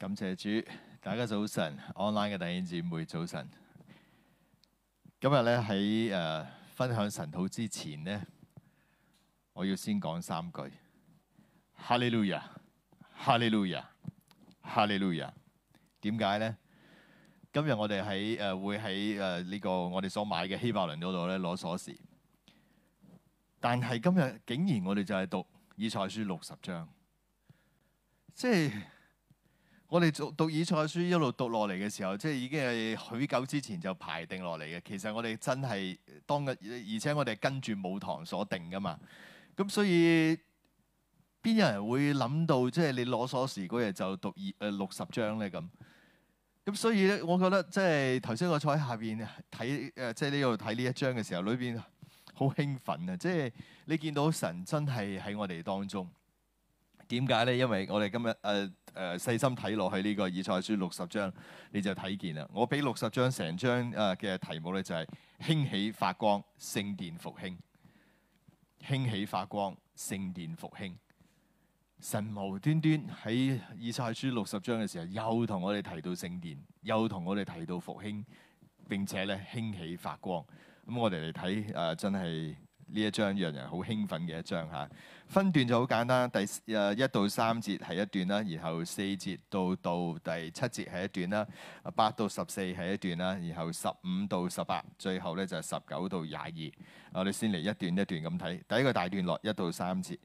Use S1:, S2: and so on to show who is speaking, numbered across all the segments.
S1: 感謝主，大家早晨。Online 嘅弟兄姐妹早晨。今日咧喺誒分享神討之前呢，我要先講三句：哈利路亞，哈利路亞，哈利路亞。點解呢？今日我哋喺誒會喺誒呢個我哋所買嘅希伯倫嗰度咧攞鎖匙，但係今日竟然我哋就係讀以賽亞書六十章，即係。我哋讀讀以賽書一路讀落嚟嘅時候，即係已經係許久之前就排定落嚟嘅。其實我哋真係當日，而且我哋跟住母堂所定噶嘛。咁所以邊有人會諗到，即係你攞鎖匙嗰日就讀以六十章咧咁。咁所以咧，我覺得即係頭先我坐喺下邊睇誒，即係呢度睇呢一章嘅時候，裏邊好興奮啊！即係你見到神真係喺我哋當中。點解咧？因為我哋今日誒。呃誒細心睇落去呢個以賽書六十章，你就睇見啦。我俾六十章成章誒嘅題目呢、就係，就係興起發光，聖殿復興。興起發光，聖殿復興。神無端端喺以賽書六十章嘅時候，又同我哋提到聖殿，又同我哋提到復興，並且呢「興起發光」。咁我哋嚟睇誒，真係呢一章讓人好興奮嘅一章嚇。啊分段就好簡單，第一到三節係一段啦，然後四節到到第七節係一段啦，八到十四係一段啦，然後十五到十八，最後呢就係十九到廿二。我哋先嚟一段一段咁睇。第一個大段落一到三節，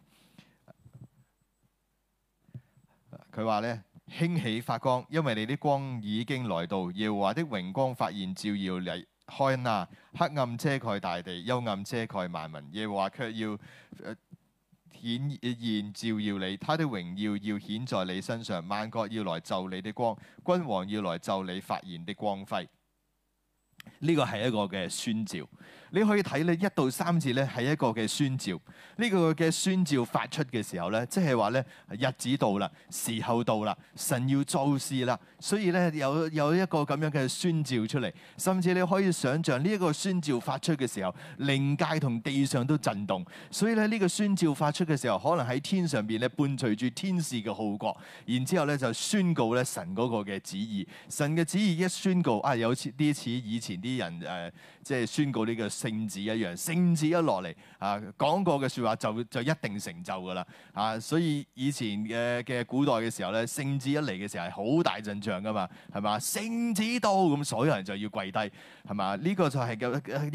S1: 佢話呢：「興起發光，因為你啲光已經來到。耶和華的榮光發現照耀你。開那黑暗遮蓋大地，幽暗遮蓋萬民，耶和華卻要、呃發現照耀你，他的榮耀要顯在你身上，萬國要來就你的光，君王要來就你發現的光輝。呢個係一個嘅宣召。你可以睇咧一到三節咧係一個嘅宣召，呢、這個嘅宣召發出嘅時候咧，即係話咧日子到啦，時候到啦，神要做事啦，所以咧有有一個咁樣嘅宣召出嚟。甚至你可以想像呢一個宣召發出嘅時候，靈界同地上都震動。所以咧呢個宣召發出嘅時候，可能喺天上邊咧伴隨住天使嘅號角，然之後咧就宣告咧神嗰個嘅旨意。神嘅旨意一宣告，啊有啲似以前啲人誒。呃即係宣告呢個聖旨一樣，聖旨一落嚟，啊講過嘅説話就就一定成就㗎啦。啊，所以以前嘅嘅古代嘅時候咧，聖旨一嚟嘅時候係好大陣仗㗎嘛，係嘛？聖旨到咁，所有人就要跪低，係嘛？呢、這個就係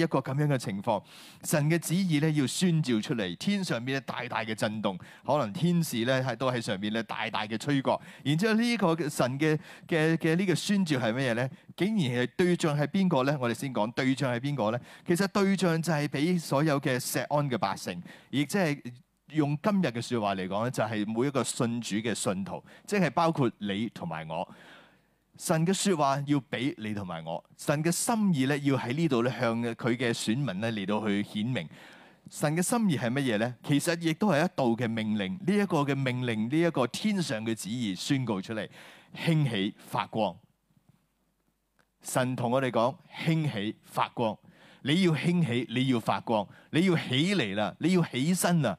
S1: 一個咁樣嘅情況。神嘅旨意咧要宣召出嚟，天上邊大大嘅震動，可能天使咧都喺上邊咧大大嘅吹角。然之後呢個神嘅嘅嘅呢個宣召係乜嘢咧？竟然係對象係邊個咧？我哋先講對象係邊個咧？其實對象就係俾所有嘅錫安嘅百姓，亦即係用今日嘅説話嚟講咧，就係、是、每一個信主嘅信徒，即係包括你同埋我。神嘅説話要俾你同埋我，神嘅心意咧要喺呢度咧向佢嘅選民咧嚟到去顯明。神嘅心意係乜嘢咧？其實亦都係一道嘅命令，呢、這、一個嘅命令，呢、這、一個天上嘅旨意宣告出嚟，興起發光。神同我哋講，興起，發光，你要興起，你要發光，你要起嚟啦，你要起身啦，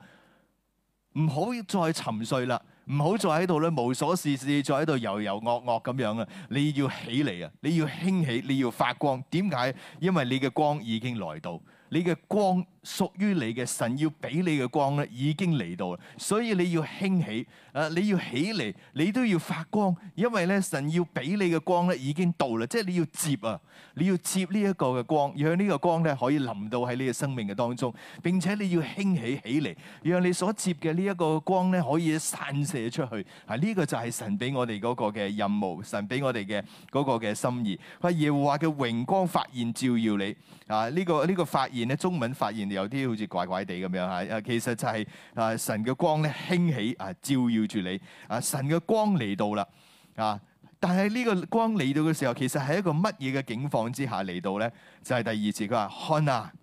S1: 唔好再沉睡啦，唔好再喺度咧無所事事，再喺度遊遊噩噩咁樣啊！你要起嚟啊！你要興起，你要發光。點解？因為你嘅光已經來到。你嘅光屬於你嘅，神要俾你嘅光咧，已經嚟到啦。所以你要興起，誒你要起嚟，你都要發光，因為咧神要俾你嘅光咧已經到啦，即係你要接啊，你要接呢一個嘅光，讓呢個光咧可以臨到喺你嘅生命嘅當中。並且你要興起起嚟，讓你所接嘅呢一個光咧可以散射出去。啊，呢個就係神俾我哋嗰個嘅任務，神俾我哋嘅嗰個嘅心意。阿耶和華嘅榮光發現照耀你，啊、這、呢個呢、呢個發現。中文發現有啲好似怪怪地咁樣吓，誒其實就係誒神嘅光咧興起啊照耀住你，啊神嘅光嚟到啦啊！但係呢個光嚟到嘅時候，其實係一個乜嘢嘅景況，之下嚟到咧？就係、是、第二節，佢話看啊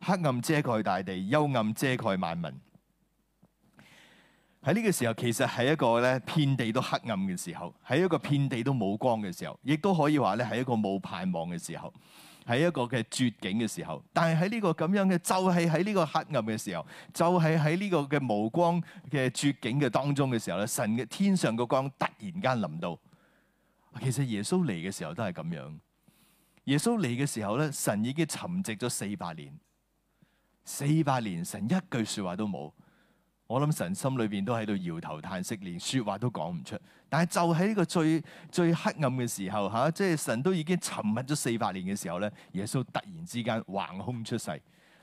S1: ，ana, 黑暗遮蓋大地，幽暗遮蓋萬民。喺呢個時候，其實係一個咧遍地都黑暗嘅時候，係一個遍地都冇光嘅時候，亦都可以話咧係一個冇盼望嘅時候。喺一個嘅絕境嘅時候，但係喺呢個咁樣嘅，就係喺呢個黑暗嘅時候，就係喺呢個嘅無光嘅絕境嘅當中嘅時候咧，神嘅天上嘅光突然間臨到。其實耶穌嚟嘅時候都係咁樣，耶穌嚟嘅時候咧，神已經沉寂咗四百年，四百年神一句說話都冇，我諗神心裏邊都喺度搖頭嘆息，連說話都講唔出。但係就喺呢個最最黑暗嘅時候，嚇、啊，即係神都已經沉默咗四百年嘅時候咧，耶穌突然之間橫空出世。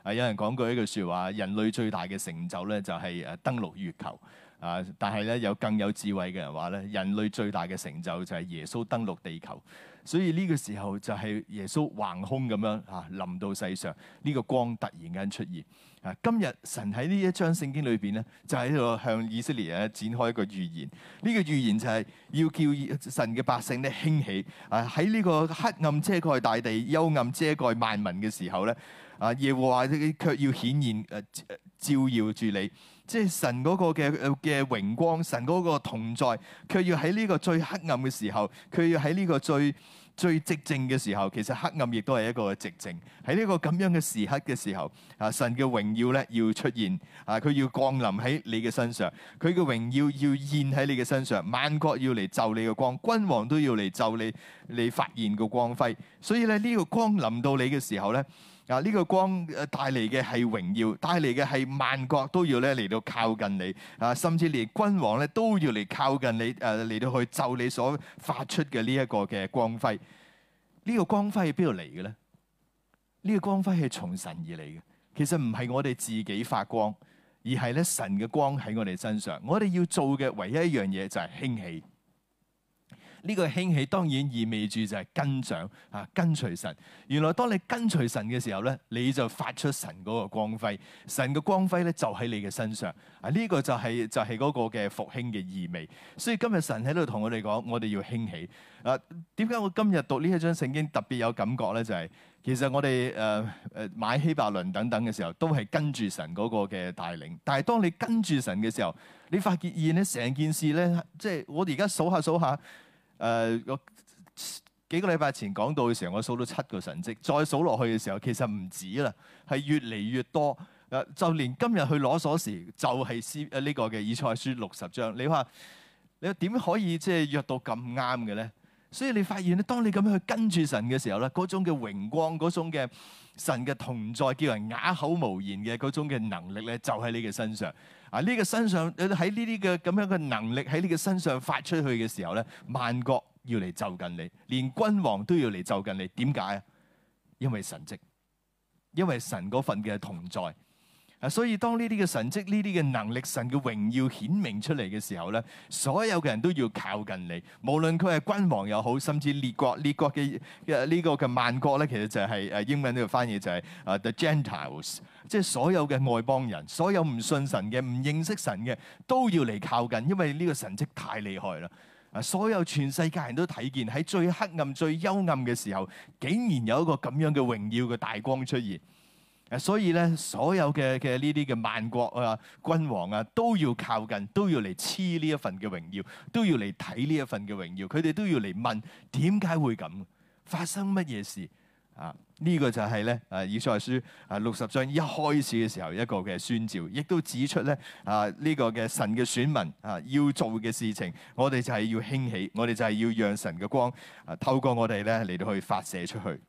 S1: 啊，有人講過一句説話，人類最大嘅成就咧就係、是、誒登陸月球。啊，但係咧，有更有智慧嘅人話咧，人類最大嘅成就就係耶穌登陸地球。所以呢個時候就係耶穌橫空咁樣啊臨到世上，呢個光突然間出現。啊，今日神喺呢一章聖經裏邊咧，就喺度向以色列人展開一個預言。呢個預言就係要叫神嘅百姓咧興起。啊，喺呢個黑暗遮蓋大地、幽暗遮蓋萬民嘅時候咧，啊，耶和華卻要顯現誒照耀住你，即係神嗰個嘅嘅榮光，神嗰個同在，卻要喺呢個最黑暗嘅時候，佢要喺呢個最最寂靜嘅時候，其實黑暗亦都係一個寂靜。喺呢個咁樣嘅時刻嘅時候，啊，神嘅榮耀咧要出現，啊，佢要降臨喺你嘅身上，佢嘅榮耀要現喺你嘅身上，萬國要嚟就你嘅光，君王都要嚟就你你發現嘅光輝。所以咧呢、呢個光臨到你嘅時候咧。啊！呢個光帶嚟嘅係榮耀，帶嚟嘅係萬國都要咧嚟到靠近你啊，甚至連君王咧都要嚟靠近你啊，嚟到去就你所發出嘅呢一個嘅光輝。呢個光輝係邊度嚟嘅咧？呢個光輝係從神而嚟嘅，其實唔係我哋自己發光，而係咧神嘅光喺我哋身上。我哋要做嘅唯一一樣嘢就係興起。呢個興起當然意味住就係跟長啊，跟隨神。原來當你跟隨神嘅時候咧，你就發出神嗰個光輝。神嘅光輝咧就喺你嘅身上啊。呢、這個就係、是、就係、是、嗰個嘅復興嘅意味。所以今日神喺度同我哋講，我哋要興起啊。點解我今日讀呢一章聖經特別有感覺咧？就係、是、其實我哋誒誒買希伯倫等等嘅時候，都係跟住神嗰個嘅帶領。但係當你跟住神嘅時候，你發現咧，成件事咧，即、就、係、是、我哋而家數下數下。誒我、呃、幾個禮拜前講到嘅時候，我數到七個神蹟，再數落去嘅時候，其實唔止啦，係越嚟越多。誒、呃，就連今日去攞鎖匙，就係斯誒呢個嘅以賽亞書六十章。你話你又點可以即係約到咁啱嘅咧？所以你發現咧，當你咁樣去跟住神嘅時候咧，嗰種嘅榮光，嗰種嘅神嘅同在，叫人啞口無言嘅嗰種嘅能力咧，就喺你嘅身上。啊！呢個身上喺呢啲嘅咁樣嘅能力喺呢個身上發出去嘅時候咧，萬國要嚟就近你，連君王都要嚟就近你。點解啊？因為神蹟，因為神嗰份嘅同在。啊！所以當呢啲嘅神蹟、呢啲嘅能力、神嘅榮耀顯明出嚟嘅時候咧，所有嘅人都要靠近你，無論佢係君王又好，甚至列國、列國嘅嘅呢個嘅萬國咧，其實就係誒英文呢個翻譯就係誒 the Gentiles，即係所有嘅外邦人，所有唔信神嘅、唔認識神嘅都要嚟靠近，因為呢個神蹟太厲害啦！啊，所有全世界人都睇見喺最黑暗、最幽暗嘅時候，竟然有一個咁樣嘅榮耀嘅大光出現。誒，所以咧，所有嘅嘅呢啲嘅萬國啊、君王啊，都要靠近，都要嚟黐呢一份嘅榮耀，都要嚟睇呢一份嘅榮耀，佢哋都要嚟問點解會咁，發生乜嘢事啊？呢個就係咧誒以賽亞書啊六十章一開始嘅時候一個嘅宣召，亦都指出咧啊呢個嘅神嘅選民啊要做嘅事情，我哋就係要興起，我哋就係要讓神嘅光啊透過我哋咧嚟到去發射出去。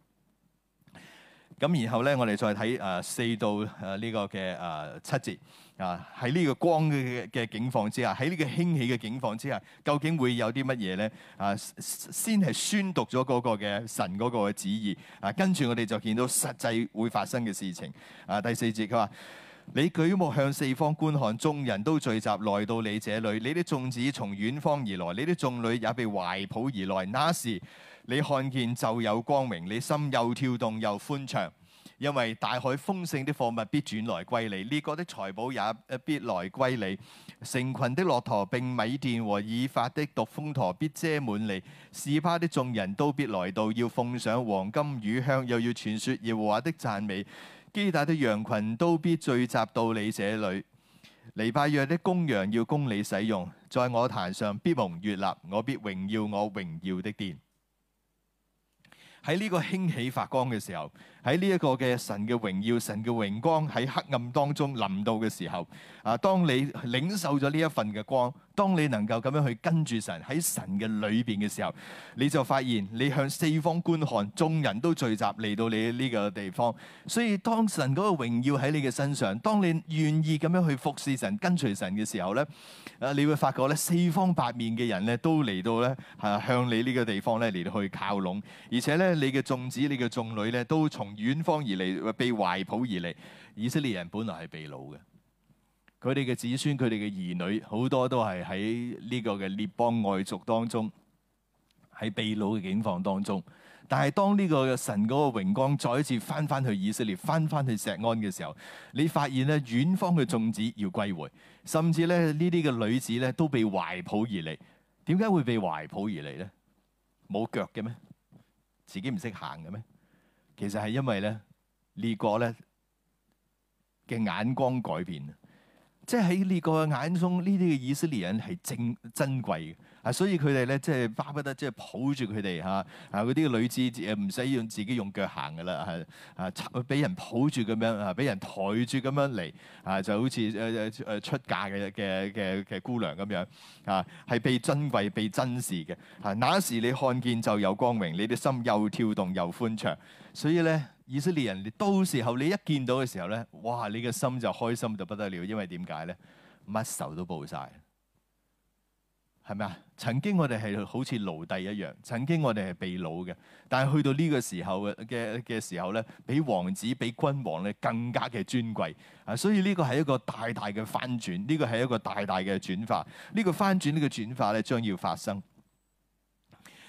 S1: 咁然後咧，我哋再睇誒四到誒呢個嘅誒七節啊，喺呢個光嘅嘅景況之下，喺呢個興起嘅境況之下，究竟會有啲乜嘢咧？啊，先係宣讀咗嗰個嘅神嗰個嘅旨意啊，跟住我哋就見到實際會發生嘅事情啊。第四節佢話：你舉目向四方觀看，眾人都聚集來到你這裏，你啲眾子從遠方而來，你啲眾女也被懷抱而來。那時你看見就有光明，你心又跳動又歡暢，因為大海豐盛的貨物必轉來歸你，列國的財寶也必來歸你。成群的駱駝並米甸和以法的獨峰駝必遮滿你，示巴的眾人都必來到，要奉上黃金與香，又要傳說耶和華的讚美。基大的羊群都必聚集到你這裏，尼拜約的公羊要供你使用，在我壇上必蒙悅納，我必榮耀我榮耀的殿。喺呢個興起發光嘅時候。喺呢一個嘅神嘅榮耀、神嘅榮光喺黑暗當中臨到嘅時候，啊，當你領受咗呢一份嘅光，當你能夠咁樣去跟住神喺神嘅裏邊嘅時候，你就發現你向四方觀看，眾人都聚集嚟到你呢個地方。所以當神嗰個榮耀喺你嘅身上，當你願意咁樣去服侍神、跟隨神嘅時候咧，啊，你會發覺咧四方八面嘅人咧都嚟到咧啊向你呢個地方咧嚟到去靠攏，而且咧你嘅眾子、你嘅眾女咧都從遠方而嚟，被懷抱而嚟。以色列人本來係被擄嘅，佢哋嘅子孫、佢哋嘅兒女，好多都係喺呢個嘅列邦外族當中，喺被擄嘅境況當中。但係當呢個神嗰個榮光再一次翻翻去以色列，翻翻去錫安嘅時候，你發現咧遠方嘅眾子要歸回，甚至咧呢啲嘅女子咧都被懷抱而嚟。點解會被懷抱而嚟咧？冇腳嘅咩？自己唔識行嘅咩？其實係因為咧，列國咧嘅眼光改變，即係喺列國嘅眼中，呢啲嘅以色列人係正珍貴嘅。所以佢哋咧，即係巴不得，即係抱住佢哋吓，啊嗰啲女子誒，唔使用自己用腳行嘅啦，係啊，俾人抱住咁樣，啊，俾人抬住咁樣嚟，啊，就好似誒誒誒出嫁嘅嘅嘅嘅姑娘咁樣，啊，係被珍貴、被珍視嘅。啊，那時你看見就有光榮，你嘅心又跳動又寬暢。所以咧，以色列人，你到時候你一見到嘅時候咧，哇！你嘅心就開心就不得了，因為點解咧？乜仇都報晒。係咪啊？曾經我哋係好似奴隸一樣，曾經我哋係被擄嘅，但係去到呢個時候嘅嘅嘅時候咧，比王子、比君王咧更加嘅尊貴啊！所以呢個係一個大大嘅翻轉，呢個係一個大大嘅轉化。呢、呢個翻轉、呢個轉化咧，將要發生。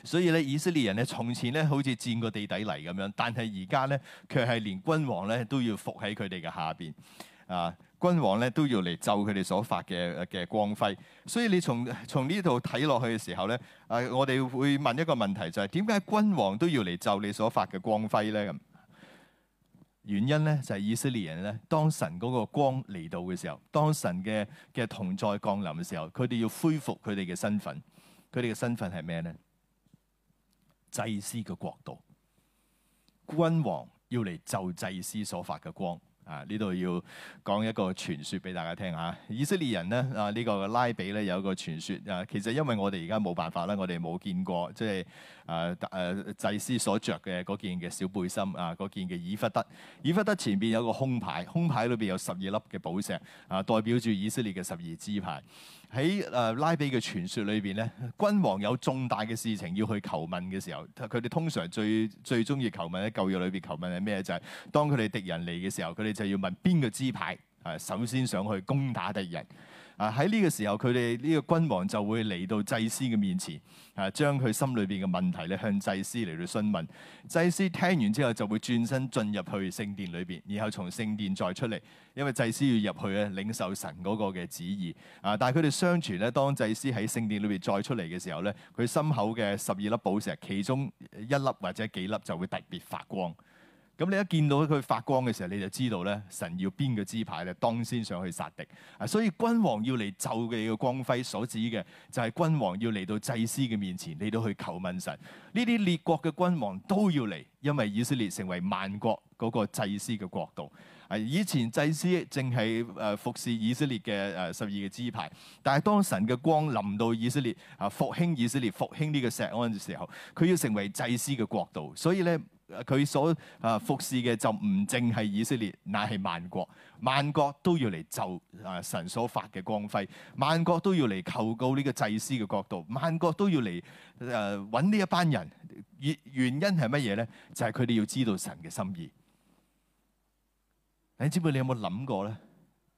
S1: 所以咧，以色列人咧，從前咧好似佔過地底嚟咁樣，但係而家咧，卻係連君王咧都要伏喺佢哋嘅下邊啊！君王咧都要嚟就佢哋所發嘅嘅光輝，所以你從從呢度睇落去嘅時候咧，誒、啊，我哋會問一個問題就係點解君王都要嚟就你所發嘅光輝咧？咁原因咧就係、是、以色列人咧，當神嗰個光嚟到嘅時候，當神嘅嘅同在降臨嘅時候，佢哋要恢復佢哋嘅身份，佢哋嘅身份係咩咧？祭司嘅國度，君王要嚟就祭，祭司所發嘅光。啊！呢度要講一個傳說俾大家聽吓。以色列人咧啊，呢個拉比咧有一個傳說啊，其實因為我哋而家冇辦法啦，我哋冇見過，即係。啊！誒、啊、祭司所着嘅嗰件嘅小背心啊，嗰件嘅以弗得。以弗得前邊有個胸牌，胸牌裏邊有十二粒嘅寶石啊，代表住以色列嘅十二支派。喺誒、啊、拉比嘅傳說裏邊咧，君王有重大嘅事情要去求問嘅時候，佢哋通常最最中意求問喺舊約裏邊求問係咩？就係、是、當佢哋敵人嚟嘅時候，佢哋就要問邊個支派，啊，首先想去攻打敵人。啊！喺呢個時候，佢哋呢個君王就會嚟到祭司嘅面前，啊將佢心裏邊嘅問題咧向祭司嚟到詢問。祭司聽完之後就會轉身進入去聖殿裏邊，然後從聖殿再出嚟，因為祭司要入去咧領受神嗰個嘅旨意啊。但係佢哋相傳咧，當祭司喺聖殿裏邊再出嚟嘅時候咧，佢心口嘅十二粒寶石其中一粒或者幾粒就會特別發光。咁你一見到佢發光嘅時候，你就知道咧，神要邊個支派咧，當先上去殺敵。啊，所以君王要嚟就你嘅光輝所指嘅，就係、是、君王要嚟到祭司嘅面前，你都去叩問神。呢啲列國嘅君王都要嚟，因為以色列成為萬國嗰個祭司嘅國度。啊，以前祭司淨係誒服侍以色列嘅誒十二嘅支派，但係當神嘅光臨到以色列，啊復興以色列，復興呢個錫安嘅時候，佢要成為祭司嘅國度，所以咧。佢所啊、呃、服侍嘅就唔淨係以色列，乃係萬國，萬國都要嚟就啊神所發嘅光輝，萬國都要嚟求告呢個祭司嘅角度，萬國都要嚟誒揾呢一班人。原原因係乜嘢咧？就係佢哋要知道神嘅心意。你知唔知你有冇諗過咧？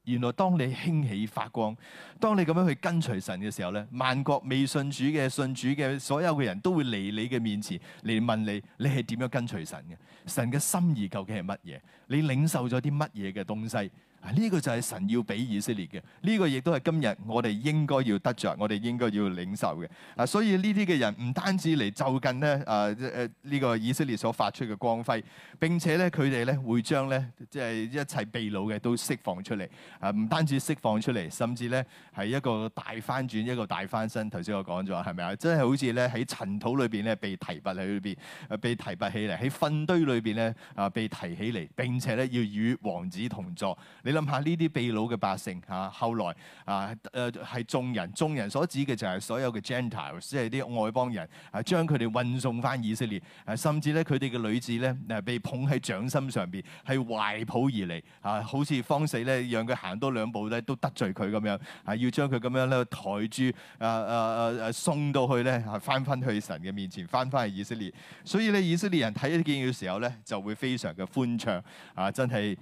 S1: 原來當你興起發光，當你咁樣去跟隨神嘅時候咧，萬國未信主嘅、信主嘅所有嘅人都會嚟你嘅面前嚟，問你，你係點樣跟隨神嘅？神嘅心意究竟係乜嘢？你領受咗啲乜嘢嘅東西？呢個就係神要俾以色列嘅，呢、這個亦都係今日我哋應該要得着、我哋應該要領受嘅。啊！所以呢啲嘅人唔單止嚟就近咧，啊誒呢、這個以色列所發出嘅光輝，並且咧佢哋咧會將咧即係一切被擄嘅都釋放出嚟。啊！唔單止釋放出嚟，甚至咧係一個大翻轉，一個大翻身。頭先我講咗係咪啊？真係好似咧喺塵土裏邊咧被提拔喺裏邊，被提拔起嚟喺糞堆裏邊咧啊被提起嚟，並且咧要與王子同坐。你諗下呢啲被擄嘅百姓啊，後來啊誒係眾人，眾人所指嘅就係所有嘅 Gentile，即係啲外邦人，係將佢哋運送翻以色列，甚至咧佢哋嘅女子咧，誒被捧喺掌心上邊，係懷抱而嚟啊，好似方死咧，讓佢行多兩步咧都得罪佢咁樣，係要將佢咁樣咧抬住誒誒誒誒送到去咧，係翻翻去神嘅面前，翻翻去以色列。所以咧以色列人睇呢件事嘅時候咧，就會非常嘅歡暢啊，真係。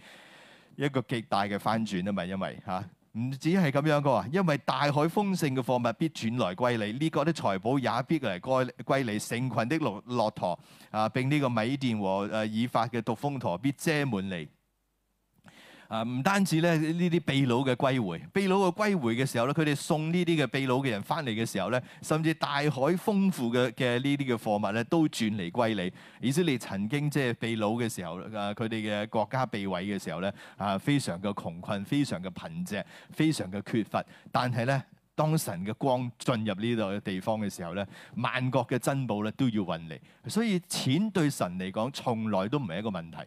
S1: 一個極大嘅翻轉啊嘛，不是因為嚇唔、啊、止係咁樣的，佢話因為大海豐盛嘅貨物必轉來歸你，呢國啲財寶也必來歸歸你，成群的駱駱駝啊，並呢個米甸和誒以法嘅獨峰駝必遮滿你。啊，唔單止咧呢啲被擄嘅歸回，被擄嘅歸回嘅時候咧，佢哋送呢啲嘅被擄嘅人翻嚟嘅時候咧，甚至大海豐富嘅嘅呢啲嘅貨物咧，都轉嚟歸你。以色列曾經即係被擄嘅時候，啊佢哋嘅國家被毀嘅時候咧，啊非常嘅窮困，非常嘅貧瘠，非常嘅缺乏。但係咧，當神嘅光進入呢度嘅地方嘅時候咧，萬國嘅珍寶咧都要運嚟。所以錢對神嚟講，從來都唔係一個問題。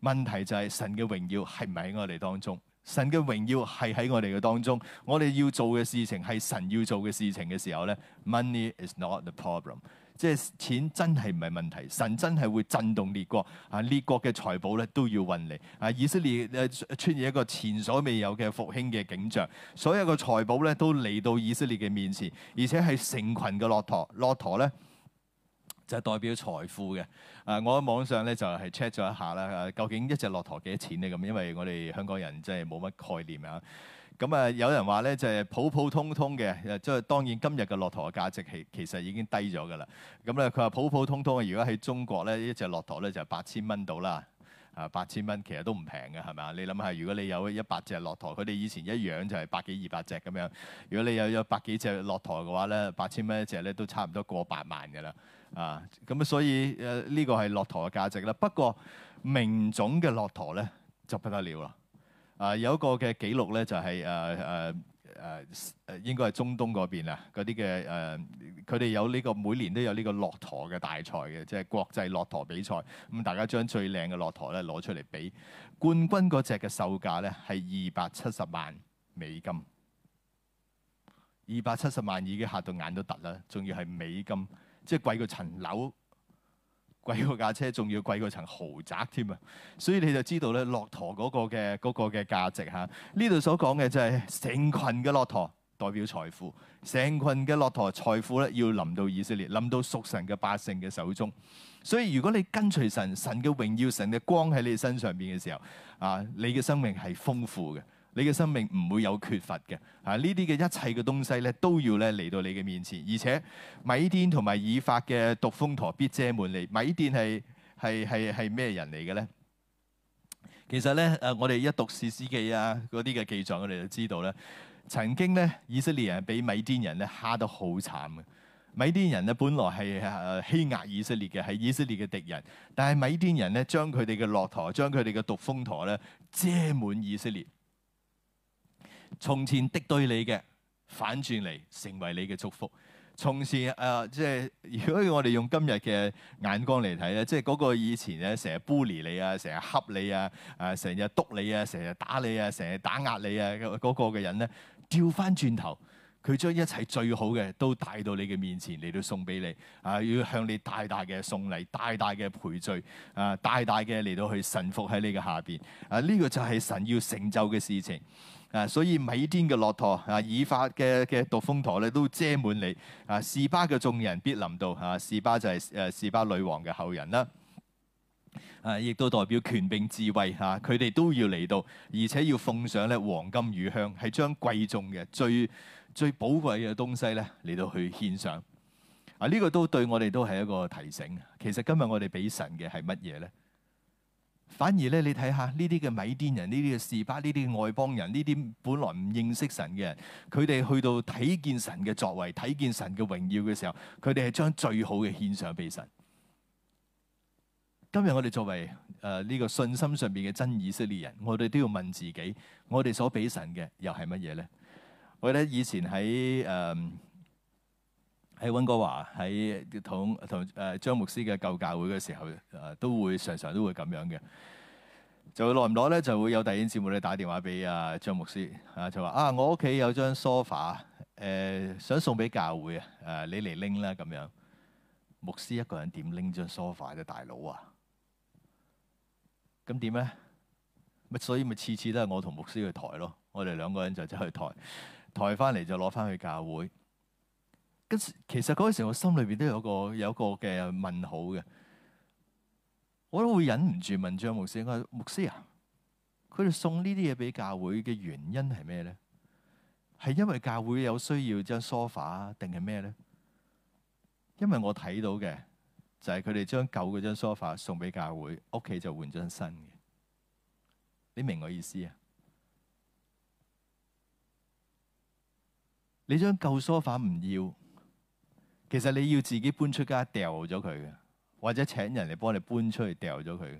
S1: 問題就係神嘅榮耀係唔係喺我哋當中？神嘅榮耀係喺我哋嘅當中。我哋要做嘅事情係神要做嘅事情嘅時候咧，Money is not the problem，即係錢真係唔係問題。神真係會震動列國啊！列國嘅財寶咧都要運嚟啊！以色列誒出現一個前所未有嘅復興嘅景象，所有嘅財寶咧都嚟到以色列嘅面前，而且係成群嘅駱駝，駱駝咧。就係代表財富嘅。啊，我喺網上咧就係、是、check 咗一下啦、啊。究竟一隻駱駝幾多錢呢？咁因為我哋香港人真係冇乜概念啊。咁啊，有人話咧就係、是、普普通通嘅。即、就、係、是、當然，今日嘅駱駝嘅價值係其實已經低咗㗎啦。咁咧佢話普普通通，如果喺中國咧一隻駱駝咧就八千蚊到啦。啊，八千蚊其實都唔平嘅係咪？你諗下，如果你有一百隻駱駝，佢哋以前一樣就係百幾二百隻咁樣。如果你有有百幾隻駱駝嘅話咧，八千蚊一隻咧都差唔多過百萬㗎啦。啊，咁啊，所以誒呢個係駱駝嘅價值啦。不過名種嘅駱駝咧就不得了啦。啊，有一個嘅記錄咧就係誒誒誒，應該係中東嗰邊啊，嗰啲嘅誒，佢哋有呢個每年都有呢個駱駝嘅大賽嘅，即係國際駱駝比賽。咁、嗯、大家將最靚嘅駱駝咧攞出嚟比，冠軍嗰隻嘅售價咧係二百七十萬美金。二百七十萬已經嚇到眼都突啦，仲要係美金。即係貴過層樓，貴過架車，仲要貴過層豪宅添啊！所以你就知道咧，駱駝嗰個嘅嗰個嘅價值吓。呢度所講嘅就係成群嘅駱駝代表財富，成群嘅駱駝財富咧要臨到以色列，臨到屬神嘅百姓嘅手中。所以如果你跟隨神，神嘅榮耀、神嘅光喺你身上邊嘅時候啊，你嘅生命係豐富嘅。你嘅生命唔會有缺乏嘅啊！呢啲嘅一切嘅東西咧，都要咧嚟到你嘅面前，而且米甸同埋以法嘅獨峰駝必遮滿你。米甸係係係係咩人嚟嘅咧？其實咧，誒，我哋一讀士師記啊，嗰啲嘅記載，我哋就知道啦。曾經咧，以色列人俾米甸人咧蝦得好慘嘅。米甸人咧，本來係欺壓以色列嘅，係以色列嘅敵人，但係米甸人咧，將佢哋嘅駱駝，將佢哋嘅獨峰駝咧遮滿以色列。從前敵對你嘅反轉嚟，成為你嘅祝福。從前誒、呃，即係如果我哋用今日嘅眼光嚟睇咧，即係嗰個以前誒成日 bully 你啊，成日恰你啊，誒成日督你啊，成日打你啊，成日打壓你啊嗰、那個嘅人咧，調翻轉頭，佢將一切最好嘅都帶到你嘅面前嚟到送俾你啊、呃，要向你大大嘅送禮，大大嘅賠罪啊、呃，大大嘅嚟到去臣服喺你嘅下邊啊。呢、呃這個就係神要成就嘅事情。啊，所以米甸嘅駱駝啊，以法嘅嘅獨峰駝咧都遮滿你啊，示巴嘅眾人必臨到啊，示巴就係誒示巴女王嘅後人啦，啊，亦都代表權柄智慧嚇，佢、啊、哋都要嚟到，而且要奉上咧黃金乳香，係將貴重嘅最最寶貴嘅東西咧嚟到去獻上啊，呢、這個都對我哋都係一個提醒。其實今日我哋俾神嘅係乜嘢咧？反而咧，你睇下呢啲嘅米甸人、呢啲嘅士巴、呢啲嘅外邦人、呢啲本來唔認識神嘅人，佢哋去到睇見神嘅作為、睇見神嘅榮耀嘅時候，佢哋係將最好嘅獻上俾神。今日我哋作為誒呢、呃這個信心上邊嘅真以色列人，我哋都要問自己，我哋所俾神嘅又係乜嘢咧？我覺得以前喺誒。呃喺温哥華喺同同誒張牧師嘅舊教會嘅時候，誒、啊、都會常常都會咁樣嘅，就耐唔耐咧就會有第二啲姊妹咧打電話俾阿張牧師啊，就話啊我屋企有張梳化，f、呃、想送俾教會啊，誒你嚟拎啦咁樣。牧師一個人點拎張梳化？f 啫，大佬啊？咁點咧？咪所以咪次次都係我同牧師去抬咯，我哋兩個人就走去抬，抬翻嚟就攞翻去教會。跟其實嗰陣時，我心裏邊都有個有個嘅問號嘅，我都會忍唔住問張牧師，我牧師啊，佢哋送呢啲嘢俾教會嘅原因係咩咧？係因為教會有需要張梳化定係咩咧？因為我睇到嘅就係佢哋將舊嗰張梳化送俾教會，屋企就換張新嘅。你明我意思啊？你將舊梳化唔要？其實你要自己搬出家掉咗佢嘅，或者請人嚟幫你搬出去掉咗佢。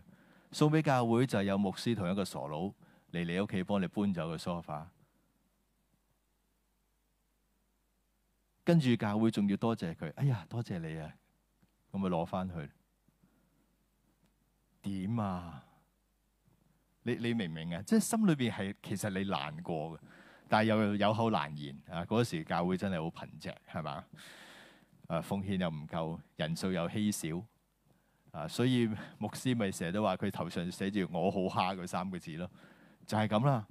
S1: 送俾教會就有牧師同一個傻佬嚟你屋企幫你搬走個 sofa，跟住教會仲要多謝佢。哎呀，多謝你啊，咁咪攞翻去點啊？你你明唔明啊？即係心裏邊係其實你難過嘅，但係又有口難言啊。嗰時教會真係好貧瘠，係嘛？啊，奉獻又唔夠，人數又稀少，啊，所以牧師咪成日都話佢頭上寫住我好蝦嗰三個字咯，就係咁啦。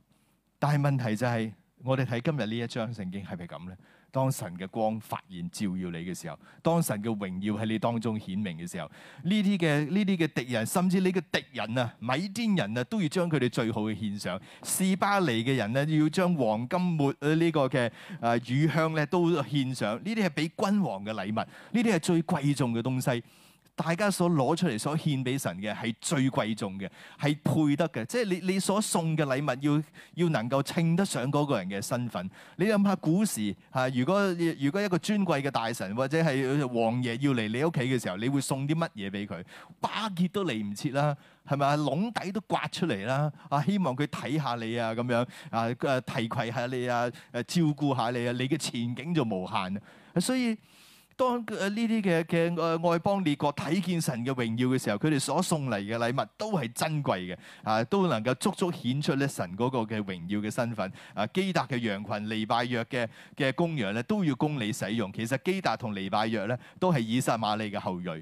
S1: 但係問題就係、是。我哋睇今日呢一章聖經係咪咁咧？當神嘅光發現照耀你嘅時候，當神嘅榮耀喺你當中顯明嘅時候，呢啲嘅呢啲嘅敵人，甚至你嘅敵人啊、米甸人啊，都要將佢哋最好嘅獻上。示巴尼嘅人呢，要將黃金、沒呢個嘅啊乳香咧，都獻上。呢啲係俾君王嘅禮物，呢啲係最貴重嘅東西。大家所攞出嚟、所獻俾神嘅係最貴重嘅，係配得嘅。即係你你所送嘅禮物要要能夠稱得上嗰個人嘅身份。你諗下古時係、啊、如果如果一個尊貴嘅大臣，或者係王爺要嚟你屋企嘅時候，你會送啲乜嘢俾佢？巴結都嚟唔切啦，係咪啊？籠底都刮出嚟啦啊！希望佢睇、啊啊、下你啊，咁樣啊誒提携下你啊誒照顧下你啊，你嘅前景就無限啊！所以。當呢啲嘅嘅外邦列國睇見神嘅榮耀嘅時候，佢哋所送嚟嘅禮物都係珍貴嘅，啊，都能夠足足顯出咧神嗰個嘅榮耀嘅身份。啊，基達嘅羊群、尼拜約嘅嘅公羊咧，都要供你使用。其實基達同尼拜約咧，都係以撒瑪利嘅後裔。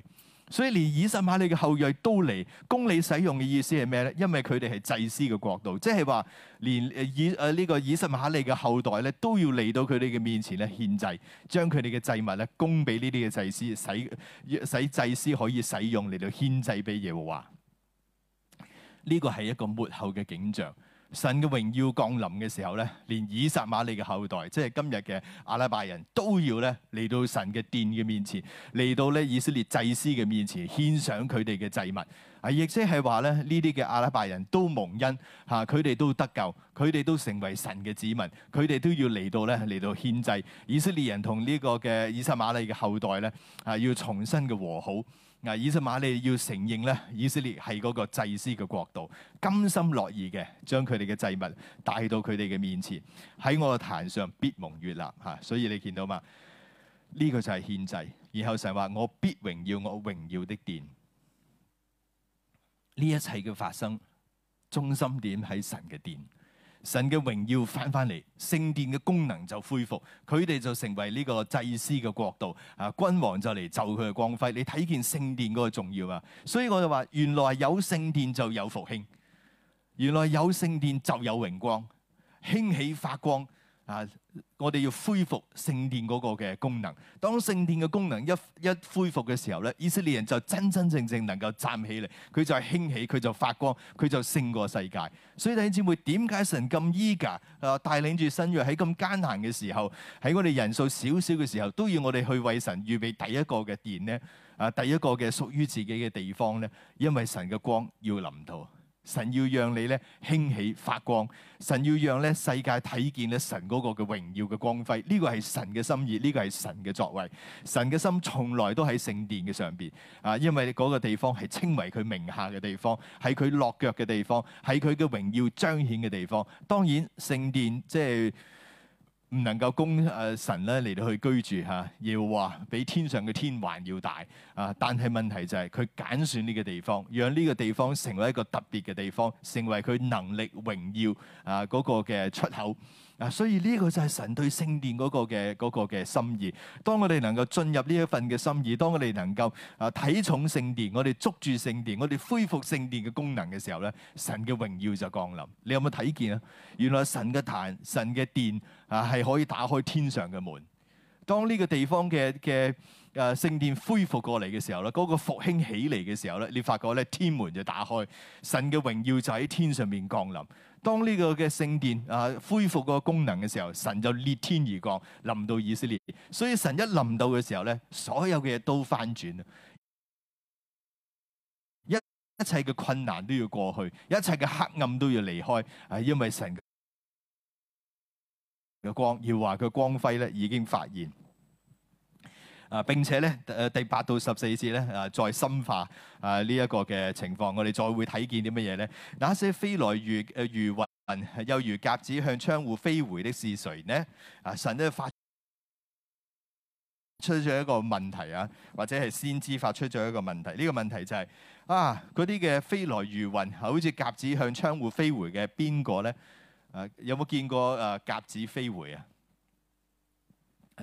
S1: 所以連以實瑪利嘅後裔都嚟供你使用嘅意思係咩咧？因為佢哋係祭司嘅國度，即係話連誒以誒呢、呃這個以實瑪利嘅後代咧都要嚟到佢哋嘅面前咧獻祭，將佢哋嘅祭物咧供俾呢啲嘅祭司使，使祭司可以使用嚟到獻祭俾耶和華。呢、這個係一個末後嘅景象。神嘅榮耀降臨嘅時候咧，連以實瑪利嘅後代，即係今日嘅阿拉伯人都要咧嚟到神嘅殿嘅面前，嚟到咧以色列祭司嘅面前獻上佢哋嘅祭物。啊，亦即係話咧，呢啲嘅阿拉伯人都蒙恩，嚇佢哋都得救，佢哋都成為神嘅子民，佢哋都要嚟到咧嚟到獻祭。以色列人同呢個嘅以實瑪利嘅後代咧，啊，要重新嘅和好。嗱，以實瑪利要承認咧，以色列係嗰個祭司嘅國度，甘心樂意嘅將佢哋嘅祭物帶到佢哋嘅面前，喺我嘅壇上必蒙悅納。嚇、啊。所以你見到嘛？呢、這個就係獻祭，然後神話我必榮耀我榮耀的殿。呢一切嘅發生中心點喺神嘅殿。神嘅榮耀翻翻嚟，聖殿嘅功能就恢復，佢哋就成為呢個祭司嘅國度，啊，君王就嚟就佢嘅光輝。你睇見聖殿嗰個重要啊，所以我就話，原來有聖殿就有復興，原來有聖殿就有榮光，興起發光。啊！我哋要恢復聖殿嗰個嘅功能。當聖殿嘅功能一一恢復嘅時候咧，以色列人就真真正正能夠站起嚟。佢就係興起，佢就發光，佢就勝過世界。所以弟兄姊妹，點解神咁 eager？啊，帶領住新約喺咁艱難嘅時候，喺我哋人數少少嘅時候，都要我哋去為神預備第一個嘅殿呢，啊，第一個嘅屬於自己嘅地方咧，因為神嘅光要臨到。神要讓你咧興起發光，神要讓咧世界睇見咧神嗰個嘅榮耀嘅光輝，呢個係神嘅心意，呢個係神嘅作為。神嘅心從來都喺聖殿嘅上邊啊，因為嗰個地方係稱為佢名下嘅地方，係佢落腳嘅地方，係佢嘅榮耀彰顯嘅地方。當然，聖殿即係。唔能夠供誒神咧嚟到去居住嚇，要話比天上嘅天還要大啊！但係問題就係佢揀選呢個地方，讓呢個地方成為一個特別嘅地方，成為佢能力榮耀啊嗰個嘅出口。嗱，所以呢個就係神對聖殿嗰個嘅嗰個嘅心意。當我哋能夠進入呢一份嘅心意，當我哋能夠啊睇重聖殿，我哋捉住聖殿，我哋恢復聖殿嘅功能嘅時候咧，神嘅榮耀就降臨。你有冇睇見啊？原來神嘅壇、神嘅殿啊，係可以打開天上嘅門。當呢個地方嘅嘅誒聖殿恢復過嚟嘅時候咧，嗰個復興起嚟嘅時候咧，你發覺咧天門就打開，神嘅榮耀就喺天上面降臨。當呢個嘅聖殿啊恢復個功能嘅時候，神就裂天而降，臨到以色列。所以神一臨到嘅時候咧，所有嘅嘢都翻轉啦，一一切嘅困難都要過去，一切嘅黑暗都要離開啊！因為神嘅光，要話佢光輝咧已經發現。啊！並且咧，誒第八到十四節咧，啊，再深化啊呢一個嘅情況，我哋再會睇見啲乜嘢咧？那些飛來如誒如雲，又如鴿子向窗戶飛回的是誰呢？啊！神咧發出咗一個問題啊，或者係先知發出咗一個問題。呢個問題就係啊，嗰啲嘅飛來如雲，好似鴿子向窗戶飛回嘅邊個咧？誒、啊，有冇見過誒鴿子飛回啊？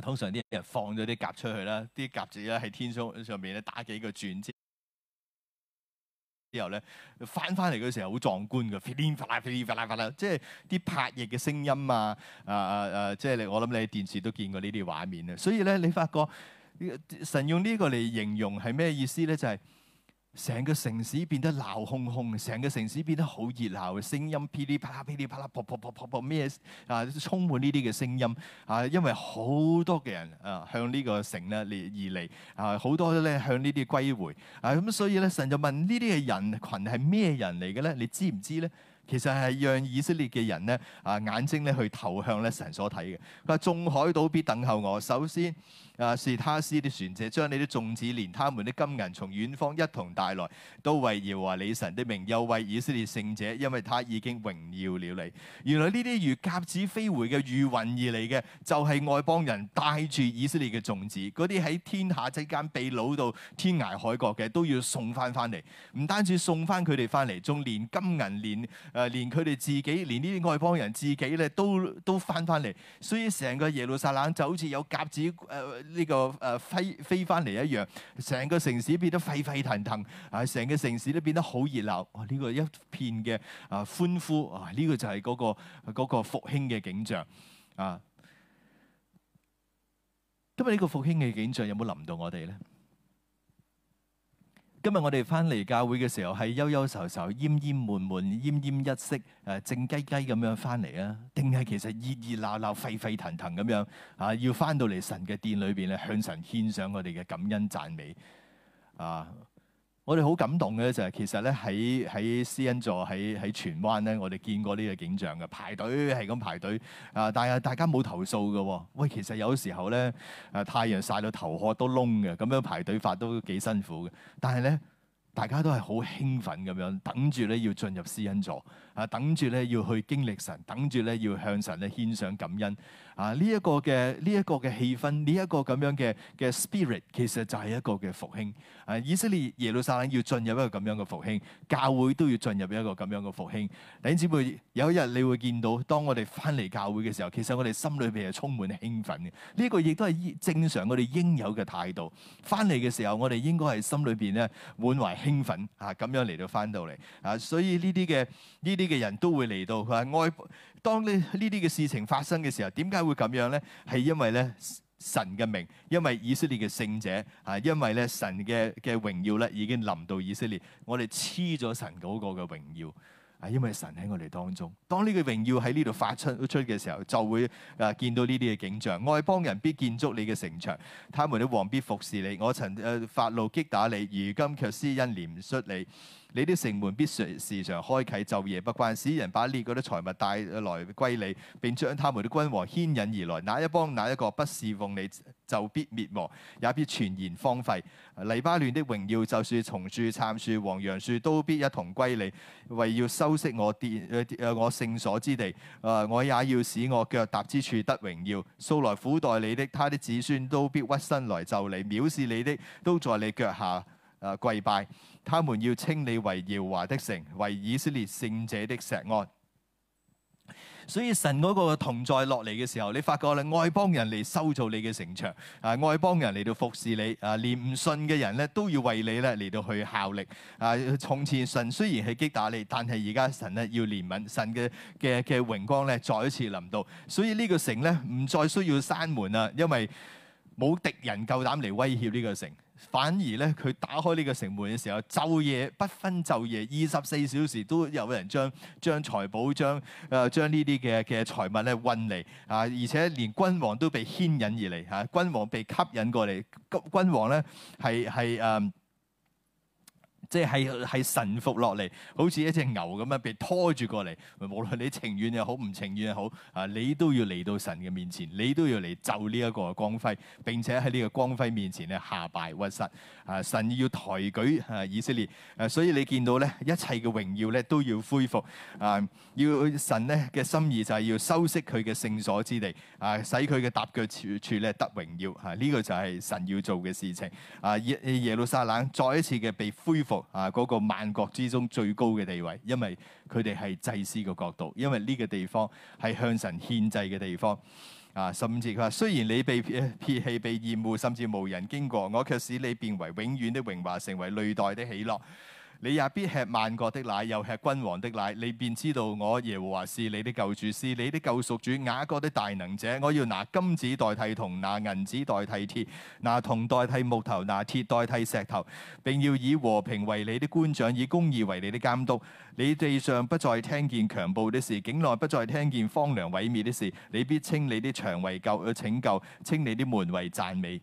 S1: 通常啲人放咗啲鴿出去啦，啲鴿子咧喺天上上面咧打幾個轉之後咧翻翻嚟，嗰時係好壯觀嘅。啦即係啲拍翼嘅聲音啊啊啊啊！即、呃、係、呃呃就是你、我諗你喺電視都見過呢啲畫面啦。所以咧，你發覺神用呢個嚟形容係咩意思咧？就係、是。成個城市變得鬧哄哄，成個城市變得好熱鬧，聲音噼里啪啦、噼里啪啦、噗噗噗噗噗咩啊，充滿呢啲嘅聲音啊，因為好多嘅人啊向呢個城咧而嚟啊，好多咧向呢啲歸回啊，咁所以咧神就問呢啲嘅人群係咩人嚟嘅咧？你知唔知咧？其實係讓以色列嘅人咧啊眼睛咧去投向咧神所睇嘅。佢話：眾海島必等候我。首先啊，是他施的船隻將你啲眾子連他們的金銀從遠方一同帶來，都為耶和華你神的名，又為以色列聖者，因為他已經榮耀了你。原來呢啲如鴿子飛回嘅，如雲而嚟嘅，就係外邦人帶住以色列嘅眾子，嗰啲喺天下之間被擄到天涯海角嘅，都要送翻翻嚟。唔單止送翻佢哋翻嚟，仲連金銀連。誒連佢哋自己，連呢啲外邦人自己咧，都都翻翻嚟，所以成個耶路撒冷就好似有鴿子誒呢、呃這個誒、呃、飛飛翻嚟一樣，成個城市變得沸沸騰騰，啊，成個城市都變得好熱鬧，哇、啊！呢、這個一片嘅啊歡呼，哇、啊！呢、這個就係嗰、那個嗰、那個復興嘅景象啊。今日呢個復興嘅景象有冇臨到我哋咧？今日我哋翻嚟教會嘅時候，係憂憂愁愁、奄奄悶悶、奄奄一息，誒靜雞雞咁樣翻嚟啊？定係其實熱熱鬧鬧、沸沸騰騰咁樣啊？要翻到嚟神嘅殿裏邊咧，向神獻上我哋嘅感恩讚美啊！我哋好感動嘅就係其實咧喺喺施恩座喺喺荃灣咧，我哋見過呢個景象嘅排隊係咁排隊啊、呃！但係大家冇投訴嘅喎。喂，其實有時候咧啊、呃，太陽曬到頭殼都燶嘅，咁樣排隊法都幾辛苦嘅。但係咧，大家都係好興奮咁樣等住咧要進入施恩座。啊！等住咧，要去經歷神；等住咧，要向神咧獻上感恩。啊！呢一個嘅呢一個嘅氣氛，呢一個咁樣嘅嘅 spirit，其實就係一個嘅復興啊！以色列、耶路撒冷要進入一個咁樣嘅復興，教會都要進入一個咁樣嘅復興。弟兄姊妹，有一日你會見到，當我哋翻嚟教會嘅時候，其實我哋心裏邊係充滿興奮嘅。呢個亦都係正常我哋應有嘅態度。翻嚟嘅時候，我哋應該係心裏邊咧滿懷興奮啊！咁樣嚟到翻到嚟啊！所以呢啲嘅呢啲。嘅人都會嚟到，佢係外，當呢呢啲嘅事情發生嘅時候，點解會咁樣咧？係因為咧神嘅名，因為以色列嘅聖者啊，因為咧神嘅嘅榮耀咧已經臨到以色列，我哋黐咗神嗰個嘅榮耀啊！因為神喺我哋當中，當呢個榮耀喺呢度發出出嘅時候，就會啊見到呢啲嘅景象。外邦人必建築你嘅城牆，他們的王必服侍你。我曾誒發怒擊打你，如今卻施恩憐恤你。你的城門必常時常開啟，晝夜不關。使人把列國的財物帶來歸你，並將他們的君王牽引而來。哪一幫，哪一個不侍奉你，就必滅亡，也必全然荒廢。黎巴嫩的榮耀，就算松樹、杉樹、黃楊樹，都必一同歸你，為要修飾我殿、我聖所之地。啊，我也要使我腳踏之處得榮耀。素來苦待你的，他的子孫都必屈身來就你，藐視你的，都在你腳下。啊，跪拜，他們要稱你為耶和華的城，為以色列聖者的錫安。所以神嗰個同在落嚟嘅時候，你發覺咧，外邦人嚟修造你嘅城牆，啊，外邦人嚟到服侍你，啊，連唔信嘅人咧都要為你咧嚟到去效力。啊，從前神雖然係擊打你，但係而家神咧要憐憫，神嘅嘅嘅榮光咧再一次臨到。所以呢個城咧唔再需要閂門啦，因為冇敵人夠膽嚟威脅呢個城。反而咧，佢打開呢個城門嘅時候，晝夜不分晝夜，二十四小時都有人將將財寶、將誒將呢啲嘅嘅財物咧運嚟啊！而且連君王都被牽引而嚟嚇、啊，君王被吸引過嚟，君君王咧係係誒。即係係神服落嚟，好似一隻牛咁樣被拖住過嚟。無論你情願又好，唔情願又好，啊，你都要嚟到神嘅面前，你都要嚟就呢一個光輝，並且喺呢個光輝面前咧下拜屈膝啊，神要抬舉啊以色列。誒、啊，所以你見到咧，一切嘅榮耀咧都要恢復啊，要神咧嘅心意就係要修飾佢嘅聖所之地。啊，使佢嘅踏腳處處咧得榮耀。啊，呢、這個就係神要做嘅事情。啊，耶路撒冷再一次嘅被恢復。啊！嗰、那個萬國之中最高嘅地位，因為佢哋係祭司嘅角度，因為呢個地方係向神獻祭嘅地方。啊，甚至佢話：雖然你被撇棄、被厭惡，甚至無人經過，我卻使你變為永遠的榮華，成為累代的喜樂。你也必吃萬國的奶，又吃君王的奶，你便知道我耶和華是你的救主，是你的救贖主。雅各的大能者，我要拿金子代替銅，拿銀子代替鐵，拿銅代替木頭，拿鐵代替石頭，並要以和平為你的官長，以公義為你的監督。你地上不再聽見強暴的事，境內不再聽見荒涼毀滅的事。你必稱你啲牆為救去拯、呃、救，稱你啲門為讚美。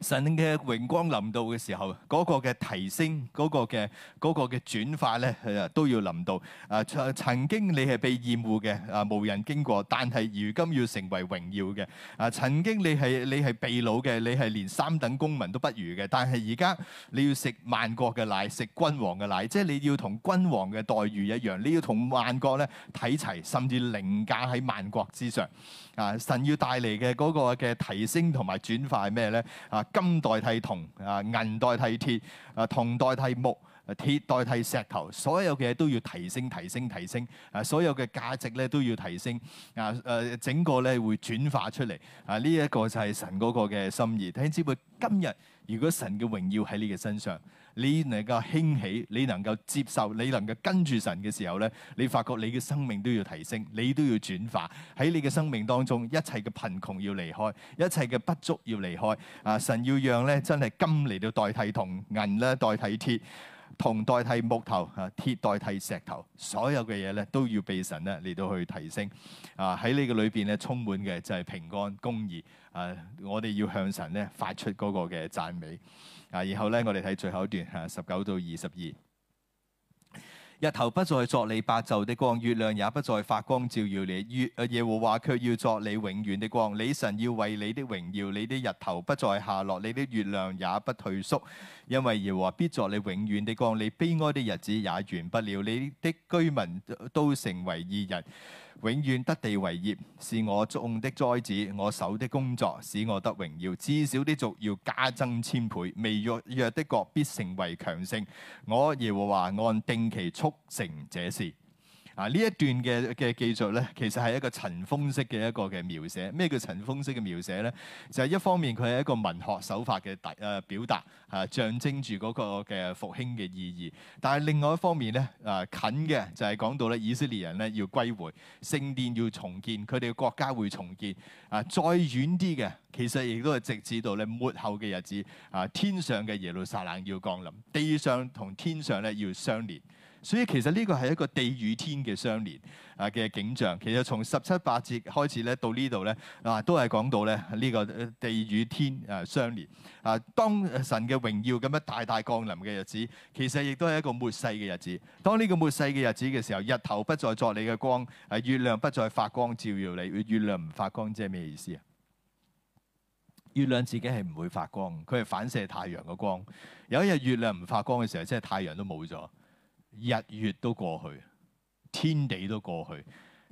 S1: 神嘅榮光臨到嘅時候，嗰個嘅提升、嗰個嘅嗰個嘅轉化咧，係啊都要臨到。啊，曾曾經你係被厭惡嘅，啊，無人經過，但係如今要成為榮耀嘅。啊，曾經你係你係被擄嘅，你係連三等公民都不如嘅，但係而家你要食萬國嘅奶，食君王嘅奶，即係你要同君王嘅待遇一樣，你要同萬國咧睇齊，甚至凌駕喺萬國之上。啊！神要帶嚟嘅嗰個嘅提升同埋轉化係咩咧？啊，金代替銅，啊銀代替鐵，啊銅代替木，啊鐵代替石頭，所有嘅嘢都要提升、提升、提升，啊所有嘅價值咧都要提升，啊誒整個咧會轉化出嚟，啊，啊呢一、啊這個就係神嗰個嘅心意。弟兄姊妹，今日如果神嘅榮耀喺你嘅身上。你能夠興起，你能夠接受，你能夠跟住神嘅時候咧，你發覺你嘅生命都要提升，你都要轉化，喺你嘅生命當中，一切嘅貧窮要離開，一切嘅不足要離開。啊，神要讓咧真係金嚟到代替銅，銀咧代替鐵，銅代替木頭，啊，鐵代替石頭，所有嘅嘢咧都要被神咧嚟到去提升。啊，喺呢個裏邊咧充滿嘅就係平安公義。啊，我哋要向神咧發出嗰個嘅讚美。啊！然後呢，我哋睇最後一段嚇，十九到二十二。日頭不再作你白晝的光，月亮也不再發光照耀你。月耶和華卻要作你永遠的光，你神要為你的榮耀，你的日頭不再下落，你的月亮也不退縮，因為耶和華必作你永遠的光，你悲哀的日子也完不了，你的居民都成為異人。永遠得地為業，是我種的栽子，我手的工作，使我得榮耀。至少的族要加增千倍，微弱弱的國必成為強盛。我耶和華按定期促成這事。啊！呢一段嘅嘅記述咧，其實係一個塵封式嘅一個嘅描寫。咩叫塵封式嘅描寫咧？就係一方面佢係一個文學手法嘅誒表達，啊，象徵住嗰個嘅復興嘅意義。但係另外一方面咧，啊近嘅就係講到咧以色列人咧要歸回聖殿，要重建佢哋嘅國家會重建。啊，再遠啲嘅其實亦都係直至到咧末後嘅日子，啊天上嘅耶路撒冷要降臨，地上同天上咧要相連。所以其實呢個係一個地與天嘅相連啊嘅景象。其實從十七八節開始咧，到呢度咧啊，都係講到咧呢個地與天啊相連啊。當神嘅榮耀咁樣大大降臨嘅日子，其實亦都係一個末世嘅日子。當呢個末世嘅日子嘅時候，日頭不再作你嘅光，係月亮不再發光照耀你。月，月亮唔發光，即係咩意思啊？月亮自己係唔會發光，佢係反射太陽嘅光。有一日月亮唔發光嘅時候，即係太陽都冇咗。日月都過去，天地都過去，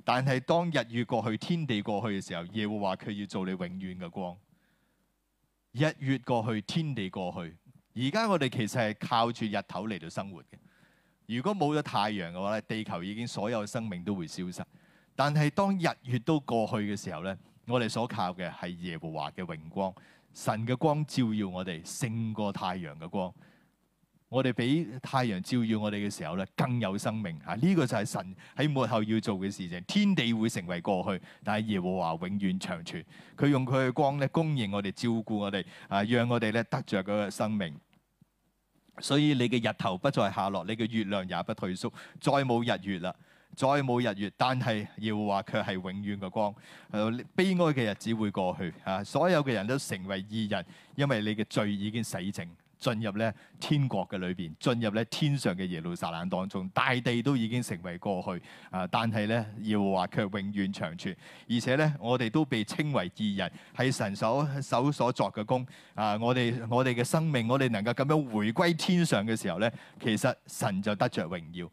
S1: 但係當日月過去、天地過去嘅時候，耶和華佢要做你永遠嘅光。日月過去，天地過去，而家我哋其實係靠住日頭嚟到生活嘅。如果冇咗太陽嘅話咧，地球已經所有生命都會消失。但係當日月都過去嘅時候咧，我哋所靠嘅係耶和華嘅榮光，神嘅光照耀我哋，勝過太陽嘅光。我哋俾太陽照耀我哋嘅時候咧，更有生命啊！呢、這個就係神喺末後要做嘅事情。天地會成為過去，但係耶和華永遠長存。佢用佢嘅光咧供應我哋，照顧我哋啊，讓我哋咧得着嗰個生命。所以你嘅日頭不再下落，你嘅月亮也不退縮，再冇日月啦，再冇日月。但係耶和華卻係永遠嘅光。誒、啊，悲哀嘅日子會過去啊！所有嘅人都成為義人，因為你嘅罪已經洗淨。進入咧天國嘅裏邊，進入咧天上嘅耶路撒冷當中，大地都已經成為過去啊！但係咧，要話卻永遠長存，而且咧，我哋都被稱為義人，係神手手所，所作嘅功。啊！我哋我哋嘅生命，我哋能夠咁樣回歸天上嘅時候咧，其實神就得着榮耀。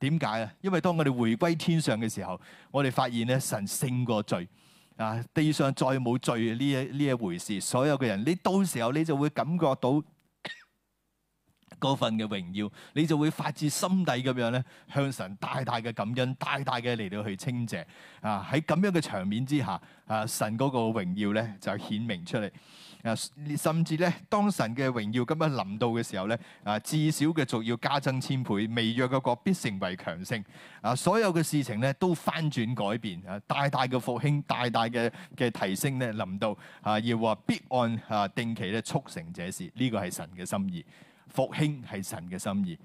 S1: 點解啊？因為當我哋回歸天上嘅時候，我哋發現咧神勝過罪啊！地上再冇罪呢一呢一回事，所有嘅人，你到時候你就會感覺到。嗰份嘅榮耀，你就會發自心底咁樣咧，向神大大嘅感恩，大大嘅嚟到去稱謝啊。喺咁樣嘅場面之下，啊，神嗰個榮耀咧就顯明出嚟啊。甚至咧，當神嘅榮耀咁樣臨到嘅時候咧啊，至小嘅族要加增千倍，微弱嘅國必成為強盛啊。所有嘅事情咧都翻轉改變啊，大大嘅復興，大大嘅嘅提升咧臨到啊，要話必按啊定期咧促成者事這事呢個係神嘅心意。復興係神嘅心意，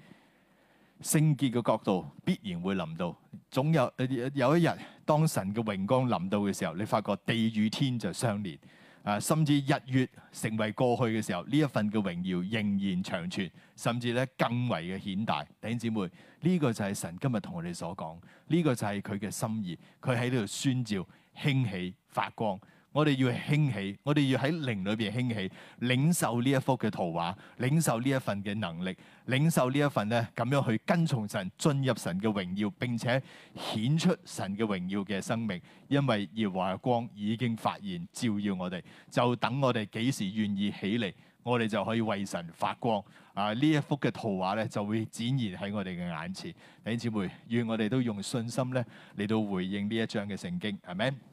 S1: 聖潔嘅角度必然會臨到，總有有一日，當神嘅榮光臨到嘅時候，你發覺地與天就相連，啊，甚至日月成為過去嘅時候，呢一份嘅榮耀仍然長存，甚至呢更為嘅顯大。弟兄姊妹，呢、這個就係神今日同我哋所講，呢、這個就係佢嘅心意，佢喺度宣召、興起、發光。我哋要興起，我哋要喺靈裏邊興起，領受呢一幅嘅圖畫，領受呢一份嘅能力，領受呢一份咧，咁樣去跟從神，進入神嘅榮耀，並且顯出神嘅榮耀嘅生命。因為耶和華嘅光已經發現照耀我哋，就等我哋幾時願意起嚟，我哋就可以為神發光。啊，呢一幅嘅圖畫咧，就會展現喺我哋嘅眼前。弟兄姊妹，願我哋都用信心咧嚟到回應呢一章嘅聖經，阿門。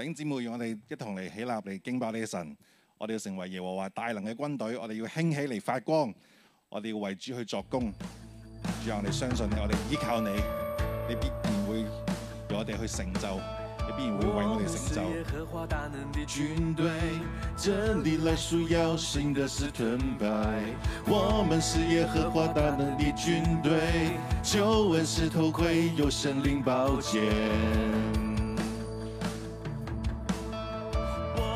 S1: 弟兄姊妹，讓我哋一同嚟起立嚟敬拜呢嘅神。我哋要成為耶和華大能嘅軍隊，我哋要興起嚟發光，我哋要為主去作工，讓我哋相信我哋依靠你，你必然會讓我哋去成就，你必然會為我哋
S2: 成就.。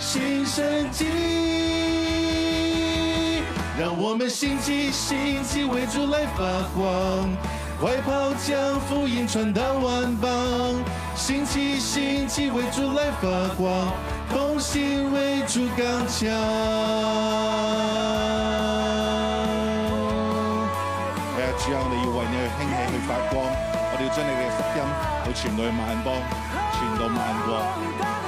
S2: 新升級，讓我們興起興起為主來發光，快跑將福音傳到萬邦，興起興起為主來發光，同心為主幹將。哎呀，主啊，我哋要為你去興起去發光，我哋要將你嘅福音去傳到萬邦，傳到萬國。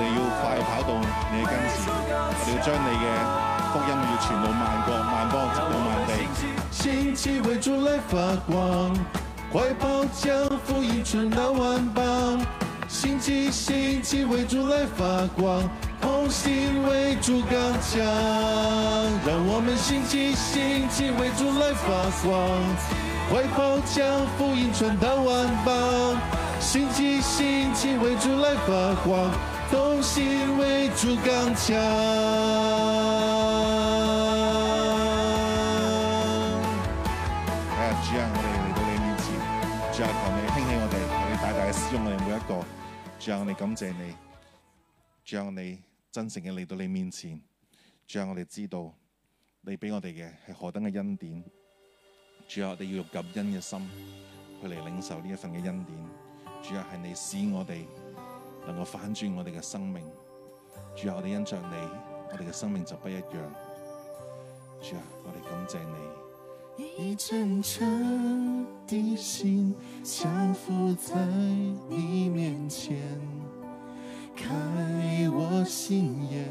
S2: 我們要快跑到你的跟前，我們要將你嘅福音要全部慢過慢傳到萬國萬邦，直到萬地。同心為主剛強。啊、嗯，主啊，主啊，我哋嚟到你面前，主啊，求你興起我哋，求你大大嘅使用我哋每一個。主啊，我哋感謝你，主啊，我哋
S1: 真誠嘅嚟到你面前，主啊，我哋知道你俾我哋嘅係何等嘅恩典。主啊，我哋要用感恩嘅心去嚟領受呢一份嘅恩典。
S2: 主啊，係你使我哋。能夠反轉我哋嘅生命，主啊，我哋欣賞你，我哋嘅生命就不一樣。主啊，我哋感謝你。以真誠的心俯伏在你面前。開我心眼，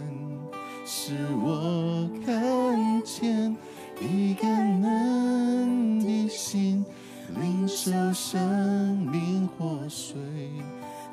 S2: 使我看見，一個人的心，領受生命活水。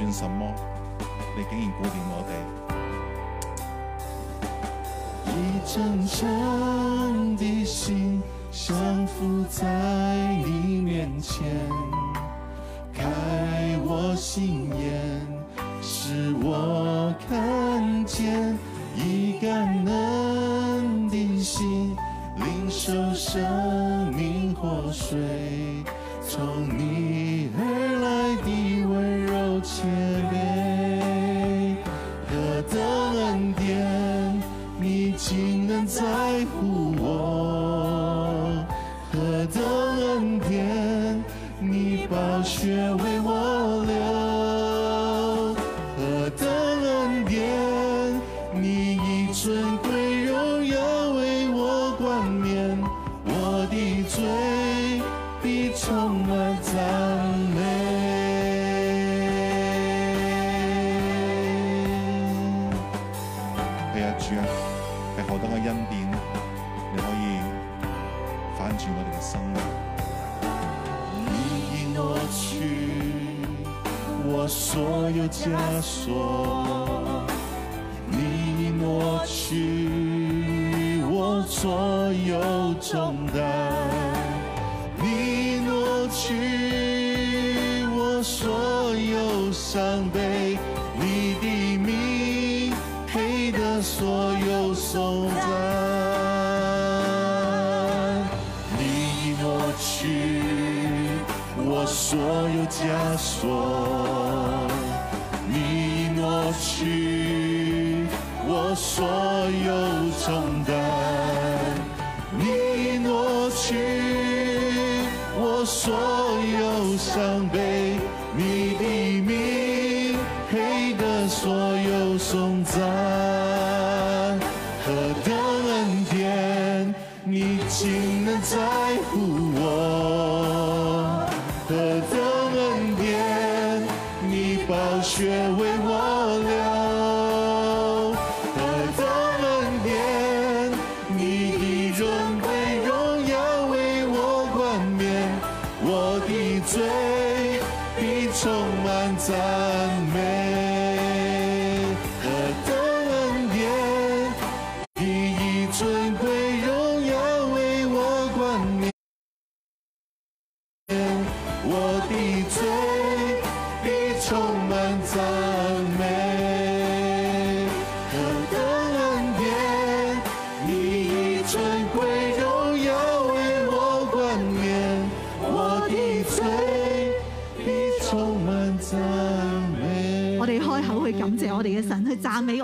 S2: 算什麼？你竟然鼓勵我哋！以真誠的心降伏在你面前。我所有枷鎖，你已抹去；我所有重擔。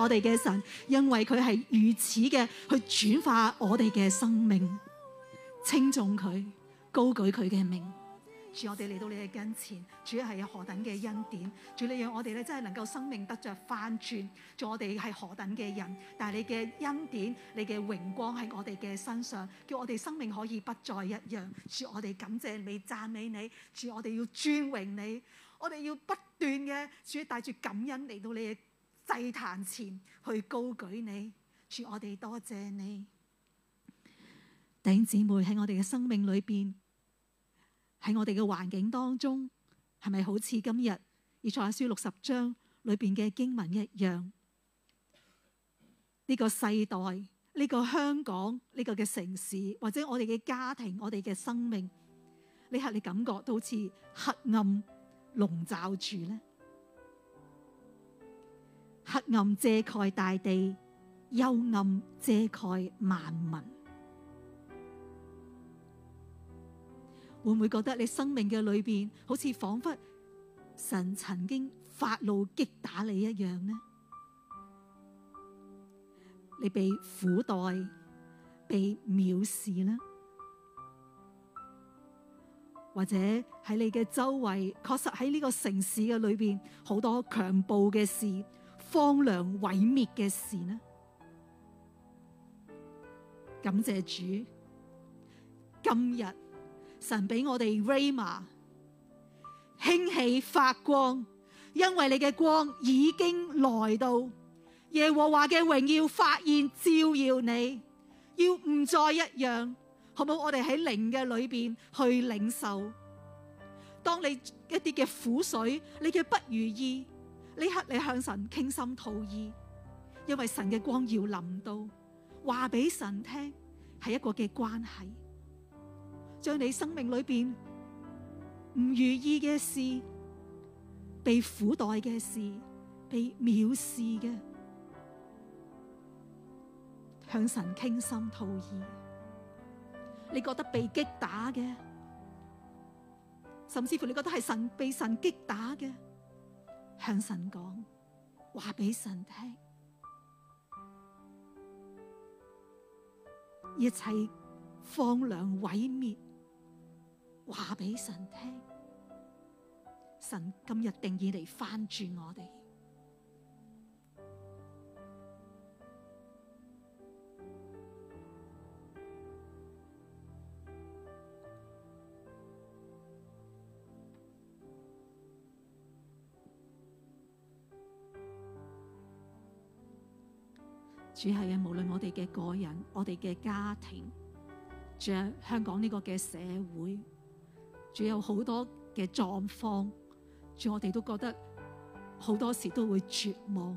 S3: 我哋嘅神，因為佢係如此嘅去轉化我哋嘅生命，稱頌佢，高舉佢嘅名。主，我哋嚟到你嘅跟前，主係何等嘅恩典，主，你讓我哋咧真係能夠生命得着翻轉。主，我哋係何等嘅人，但係你嘅恩典、你嘅榮光喺我哋嘅身上，叫我哋生命可以不再一樣。主，我哋感謝你、讚美你，主，我哋要尊榮你，我哋要不斷嘅主帶住感恩嚟到你嘅祭壇前去高舉你，祝我哋多謝你，弟兄姊妹喺我哋嘅生命裏邊，喺我哋嘅環境當中，係咪好似今日《以賽亞書》六十章裏邊嘅經文一樣？呢個世代、呢個香港、呢個嘅城市，或者我哋嘅家庭、我哋嘅生命，你係你感覺都好似黑暗籠罩住咧？黑暗遮蓋大地，幽暗遮蓋萬民。會唔會覺得你生命嘅裏邊好似仿佛神曾經發怒擊打你一樣呢？你被苦待、被藐視呢？或者喺你嘅周圍，確實喺呢個城市嘅裏邊好多強暴嘅事。荒涼毀滅嘅事呢？感謝主，今日神俾我哋 Rama 興起發光，因為你嘅光已經來到，耶和華嘅榮耀發現照耀你，要唔再一樣？好唔好？我哋喺靈嘅裏邊去領受，當你一啲嘅苦水，你嘅不如意。呢刻你向神傾心吐意，因為神嘅光耀臨到，話俾神聽係一個嘅關係，將你生命裏邊唔如意嘅事、被苦待嘅事、被藐視嘅，向神傾心吐意。你覺得被擊打嘅，甚至乎你覺得係神被神擊打嘅。向神講，話俾神聽，一切荒涼毀滅，話俾神聽，神今日定意嚟翻轉我哋。主係嘅，無論我哋嘅個人、我哋嘅家庭，仲有香港呢個嘅社會，仲有好多嘅狀況，主我哋都覺得好多時都會絕望，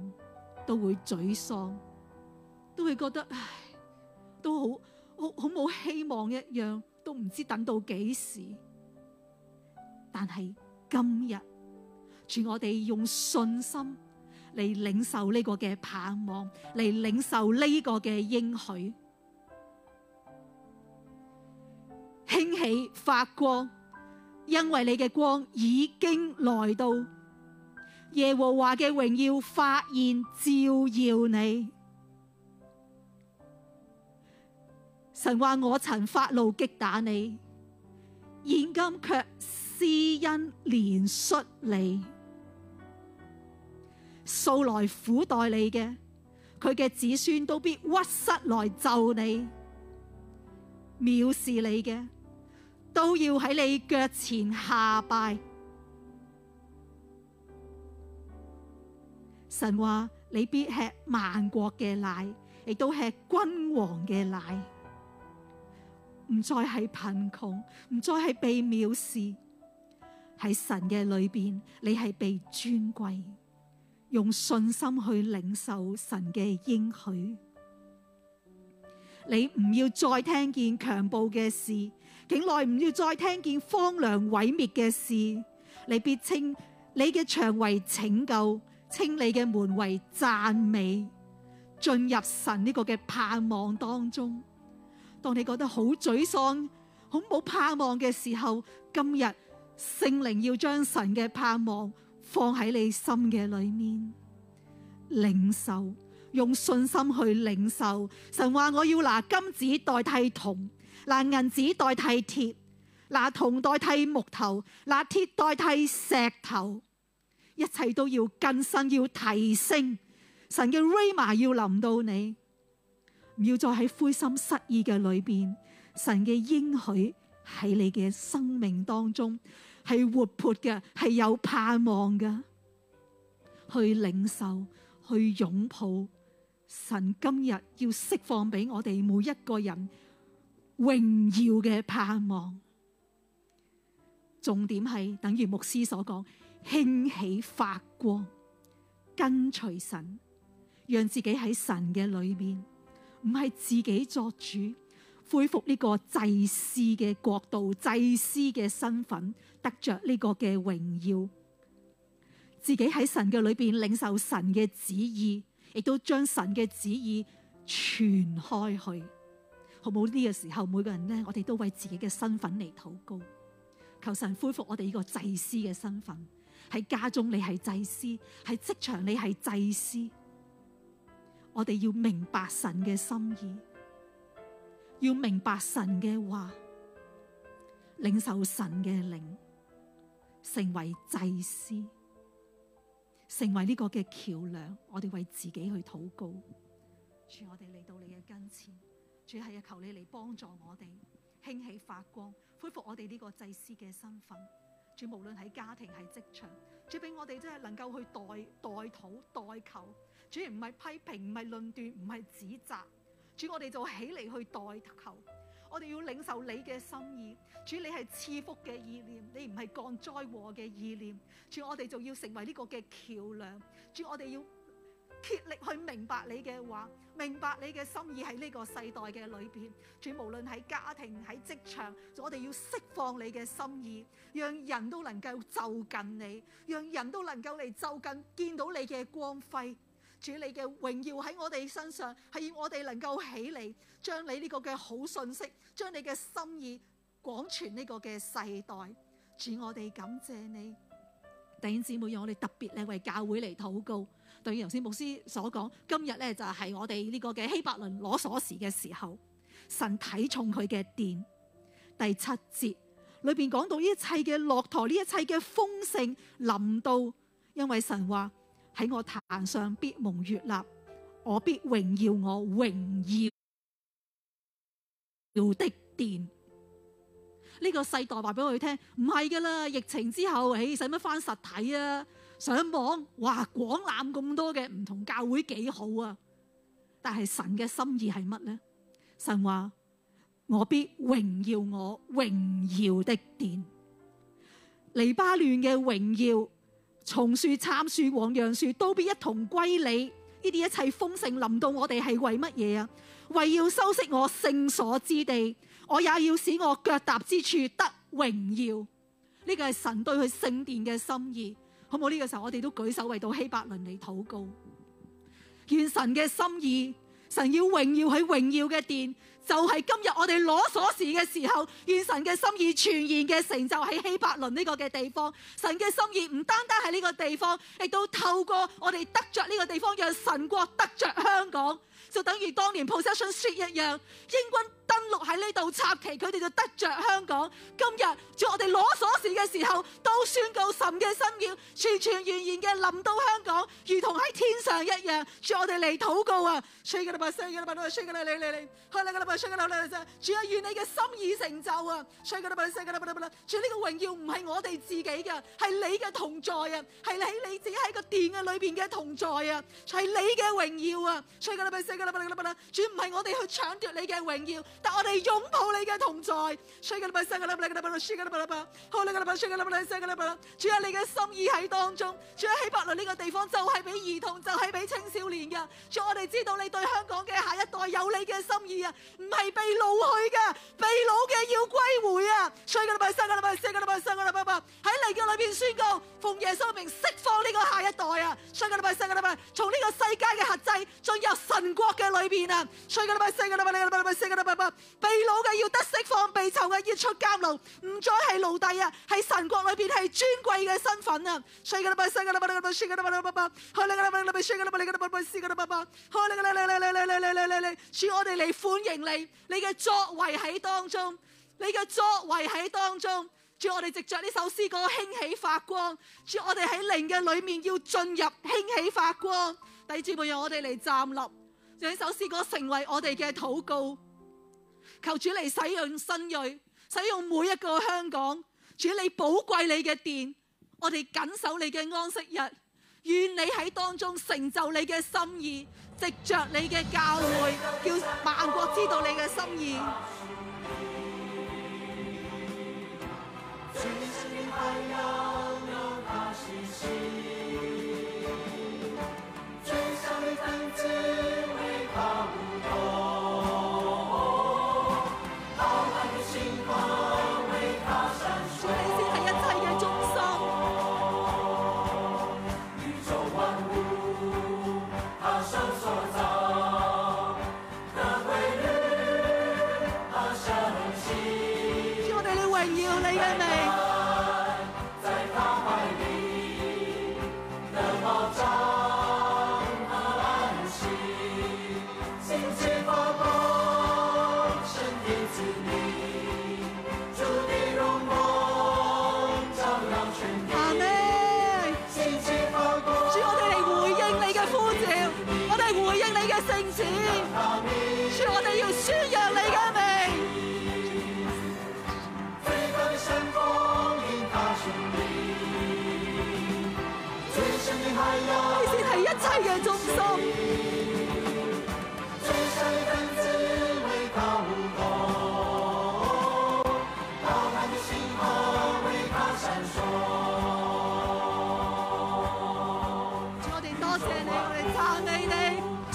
S3: 都會沮喪，都會覺得唉，都好好好冇希望一樣，都唔知等到幾時。但係今日，主我哋用信心。嚟領受呢個嘅盼望，嚟領受呢個嘅應許，興起發光，因為你嘅光已經來到，耶和華嘅榮耀發現照耀你。神話我曾發怒擊打你，現今卻施恩憐恤你。素來苦待你嘅，佢嘅子孫都必屈膝來就你，藐視你嘅都要喺你腳前下拜。神話你必吃萬國嘅奶，亦都吃君王嘅奶，唔再係貧窮，唔再係被藐視。喺神嘅裏邊，你係被尊貴。用信心去領受神嘅應許，你唔要再聽見強暴嘅事，境內唔要再聽見荒涼毀滅嘅事，你必稱你嘅牆為拯救，稱你嘅門為讚美，進入神呢個嘅盼望當中。當你覺得好沮喪、好冇盼望嘅時候，今日聖靈要將神嘅盼望。放喺你心嘅裏面，領受，用信心去領受。神話我要拿金子代替銅，拿銀子代替鐵，拿銅代替木頭，拿鐵代替石頭，一切都要更新，要提升。神嘅 rhema 要臨到你，唔要再喺灰心失意嘅裏邊。神嘅應許喺你嘅生命當中。係活潑嘅，係有盼望嘅，去領受，去擁抱，神今日要釋放俾我哋每一個人榮耀嘅盼望。重點係等於牧師所講，興起發光，跟隨神，讓自己喺神嘅裏面，唔係自己作主。恢復呢個祭司嘅國度，祭司嘅身份，得着呢個嘅榮耀。自己喺神嘅裏邊領受神嘅旨意，亦都將神嘅旨意傳開去，好冇？呢個時候，每個人呢，我哋都為自己嘅身份嚟禱告，求神恢復我哋呢個祭司嘅身份，喺家中你係祭司，喺職場你係祭司，我哋要明白神嘅心意。要明白神嘅話，領受神嘅靈，成為祭司，成為呢個嘅橋樑。我哋為自己去禱告，主，我哋嚟到你嘅跟前，主係啊，求你嚟幫助我哋興起發光，恢復我哋呢個祭司嘅身份。主，無論喺家庭、喺職場，主俾我哋真係能夠去代代禱代求，主，而唔係批評，唔係論斷，唔係指責。主，我哋就起嚟去代求，我哋要領受你嘅心意。主，你係賜福嘅意念，你唔係降災禍嘅意念。主，我哋就要成為呢個嘅橋梁。主，我哋要竭力去明白你嘅話，明白你嘅心意喺呢個世代嘅裏邊。主，無論喺家庭、喺職場，我哋要釋放你嘅心意，讓人都能夠就近你，讓人都能夠嚟就近見到你嘅光輝。主，你嘅榮耀喺我哋身上，係要我哋能夠起嚟，將你呢個嘅好信息，將你嘅心意廣傳呢個嘅世代。主，我哋感謝你，弟兄姊妹，讓我哋特別咧為教會嚟禱告。對於頭先牧師所講，今日咧就係我哋呢個嘅希伯倫攞鎖匙嘅時候，神睇重佢嘅殿。第七節裏邊講到呢一切嘅駱駝，呢一切嘅豐盛臨到，因為神話。喺我壇上必蒙悅納，我必榮耀我榮耀的殿。呢、這個世代話俾我哋聽，唔係噶啦，疫情之後，唉、哎，使乜翻實體啊？上網哇，廣覽咁多嘅唔同教會幾好啊！但係神嘅心意係乜呢？神話我必榮耀我榮耀的殿，黎巴嫩嘅榮耀。松樹、杉樹、黃楊樹都必一同歸你，呢啲一切豐盛臨到我哋係為乜嘢啊？為要修飾我聖所之地，我也要使我腳踏之處得榮耀。呢個係神對佢聖殿嘅心意，好唔好？呢、這個時候我哋都舉手為到希伯倫嚟禱告，願神嘅心意。神要榮耀喺榮耀嘅殿，就係、是、今日我哋攞鎖匙嘅時候，願神嘅心意全然嘅成就喺希伯倫呢個嘅地方。神嘅心意唔單單係呢個地方，亦都透過我哋得着呢個地方，讓神國得着香港，就等於當年 Possession Street 一樣，英軍。登錄喺呢度插旗，佢哋就得着香港。今日在我哋攞鎖匙嘅時候，都宣告神嘅新約，全全然然嘅臨到香港，如同喺天上一樣。在我哋嚟禱告啊，衰嘅禮拜，衰嘅禮拜，衰嘅禮拜，嚟嚟嚟，開兩個禮拜，衰嘅禮拜，禮拜。主啊，願你嘅心意成就啊，衰嘅禮拜，衰嘅禮拜，禮拜。主呢個榮耀唔係我哋自己嘅，係你嘅同在啊，係喺你自己喺個殿嘅裏邊嘅同在啊，係你嘅榮耀啊，衰嘅禮拜，衰嘅禮拜，禮拜。主唔係我哋去搶奪你嘅榮耀。但我哋擁抱你嘅同在，吹個喇叭，聲個喇叭，聲個喇叭，喇叭，好啦，個喇叭，吹個喇叭，聲個喇叭，主喺你嘅心意喺當中，主喺巴拿呢個地方就係俾兒童，就係俾青少年嘅，主我哋知道你對香港嘅下一代有你嘅心意啊，唔係被老去嘅，被老嘅要歸回啊，吹個喇叭，聲個喇叭，聲個喇叭，聲個喇叭，喇叭，喺靈嘅裏邊宣告，奉耶穌名釋放呢個下一代啊，吹個喇叭，聲個喇叭，從呢個世界嘅限制進入神國嘅裏邊啊，吹個喇叭，聲個喇叭，你個喇叭，喇叭，聲個喇叭，喇叭。被擄嘅要得釋放，被囚嘅要出監牢，唔再係奴隸啊，喺神國裏邊係尊貴嘅身份啊。衰嘅啦，拜衰嘅啦，拜啦，衰嘅啦，拜啦，拜拜。去啦，啦啦啦，拜衰嘅啦，拜啦，拜啦，拜衰嘅啦，拜啦，拜拜。去啦，啦啦啦啦啦啦啦啦啦！主，我哋嚟歡迎你。你嘅作為喺當中，你嘅作為喺當中。主，我哋藉着呢首詩歌興起發光。主，我哋喺靈嘅裏面要進入興起發光。弟兄們，讓我哋嚟站立。讓呢首詩歌成為我哋嘅禱告。求主你使用新銳，使用每一個香港。主你寶貴你嘅殿，我哋謹守你嘅安息日。願你喺當中成就你嘅心意，藉着你嘅教會，叫萬國知道你嘅心意。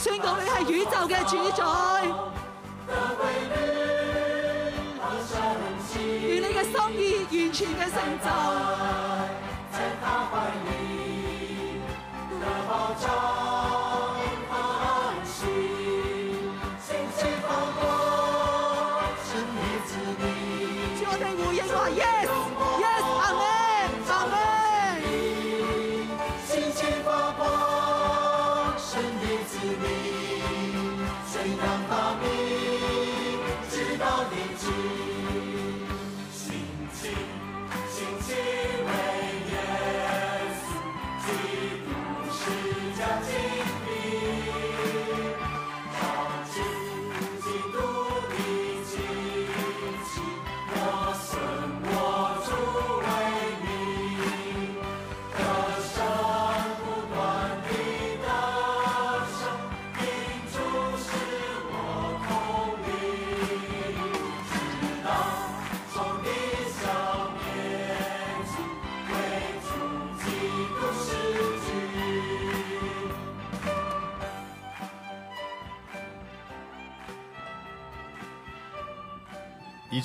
S3: 宣告你係宇宙嘅主宰，
S4: 願你嘅心意
S3: 完全嘅承載，
S4: 在他懷裡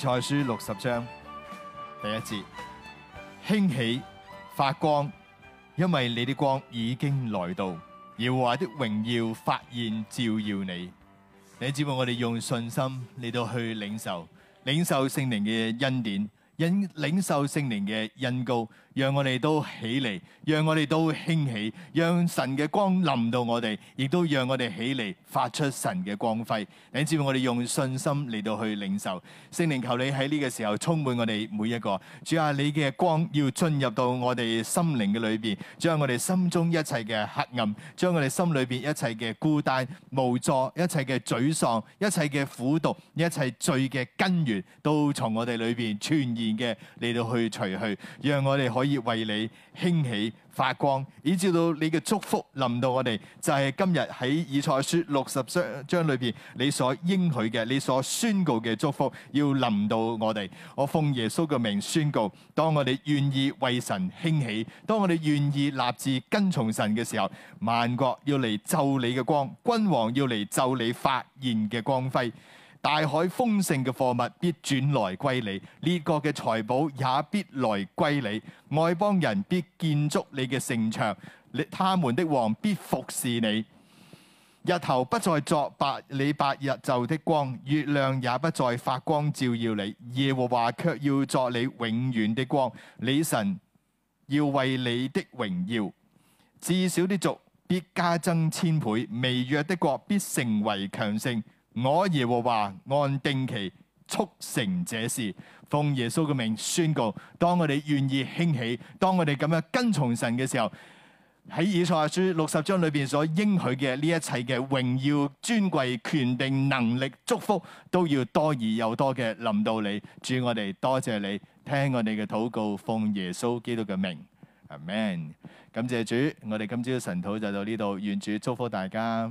S1: 賽書六十章第一節， 興起發光，因為你的光已經來到，耀華的榮耀發現照耀你。你只要我哋用信心嚟到去領受，領受聖靈嘅恩典，引領受聖靈嘅恩膏。讓我哋都起嚟，讓我哋都興起，讓神嘅光臨到我哋，亦都讓我哋起嚟，發出神嘅光輝。令我哋用信心嚟到去領受。聖靈求你喺呢個時候充滿我哋每一個。主啊，你嘅光要進入到我哋心靈嘅裏邊，將我哋心中一切嘅黑暗，將我哋心裏邊一切嘅孤單、無助、一切嘅沮喪、一切嘅苦毒、一切罪嘅根源，都從我哋裏邊全然嘅嚟到去除去。讓我哋可以為你興起發光，以至到你嘅祝福臨到我哋，就係今日喺以賽書六十章章裏邊你所應許嘅，你所宣告嘅祝福要臨到我哋。我奉耶穌嘅名宣告：當我哋願意為神興起，當我哋願意立志跟從神嘅時候，萬國要嚟就你嘅光，君王要嚟就你發現嘅光輝。大海豐盛嘅貨物必轉來歸你，列國嘅財寶也必來歸你。外邦人必建築你嘅城牆，你他們的王必服侍你。日頭不再作白你白晝的光，月亮也不再發光照耀你。耶和華卻要作你永遠的光，你神要為你的榮耀。至小的族必加增千倍，微弱的國必成為強盛。我耶和華按定期促成這事，奉耶穌嘅名宣告：當我哋願意興起，當我哋咁樣跟從神嘅時候，喺以賽亞書六十章裏邊所應許嘅呢一切嘅榮耀、尊貴、權柄、能力、祝福，都要多而又多嘅臨到你。主我哋多謝你，聽我哋嘅禱告，奉耶穌基督嘅名，阿門。感謝主，我哋今朝嘅神禱就到呢度，願主祝福大家。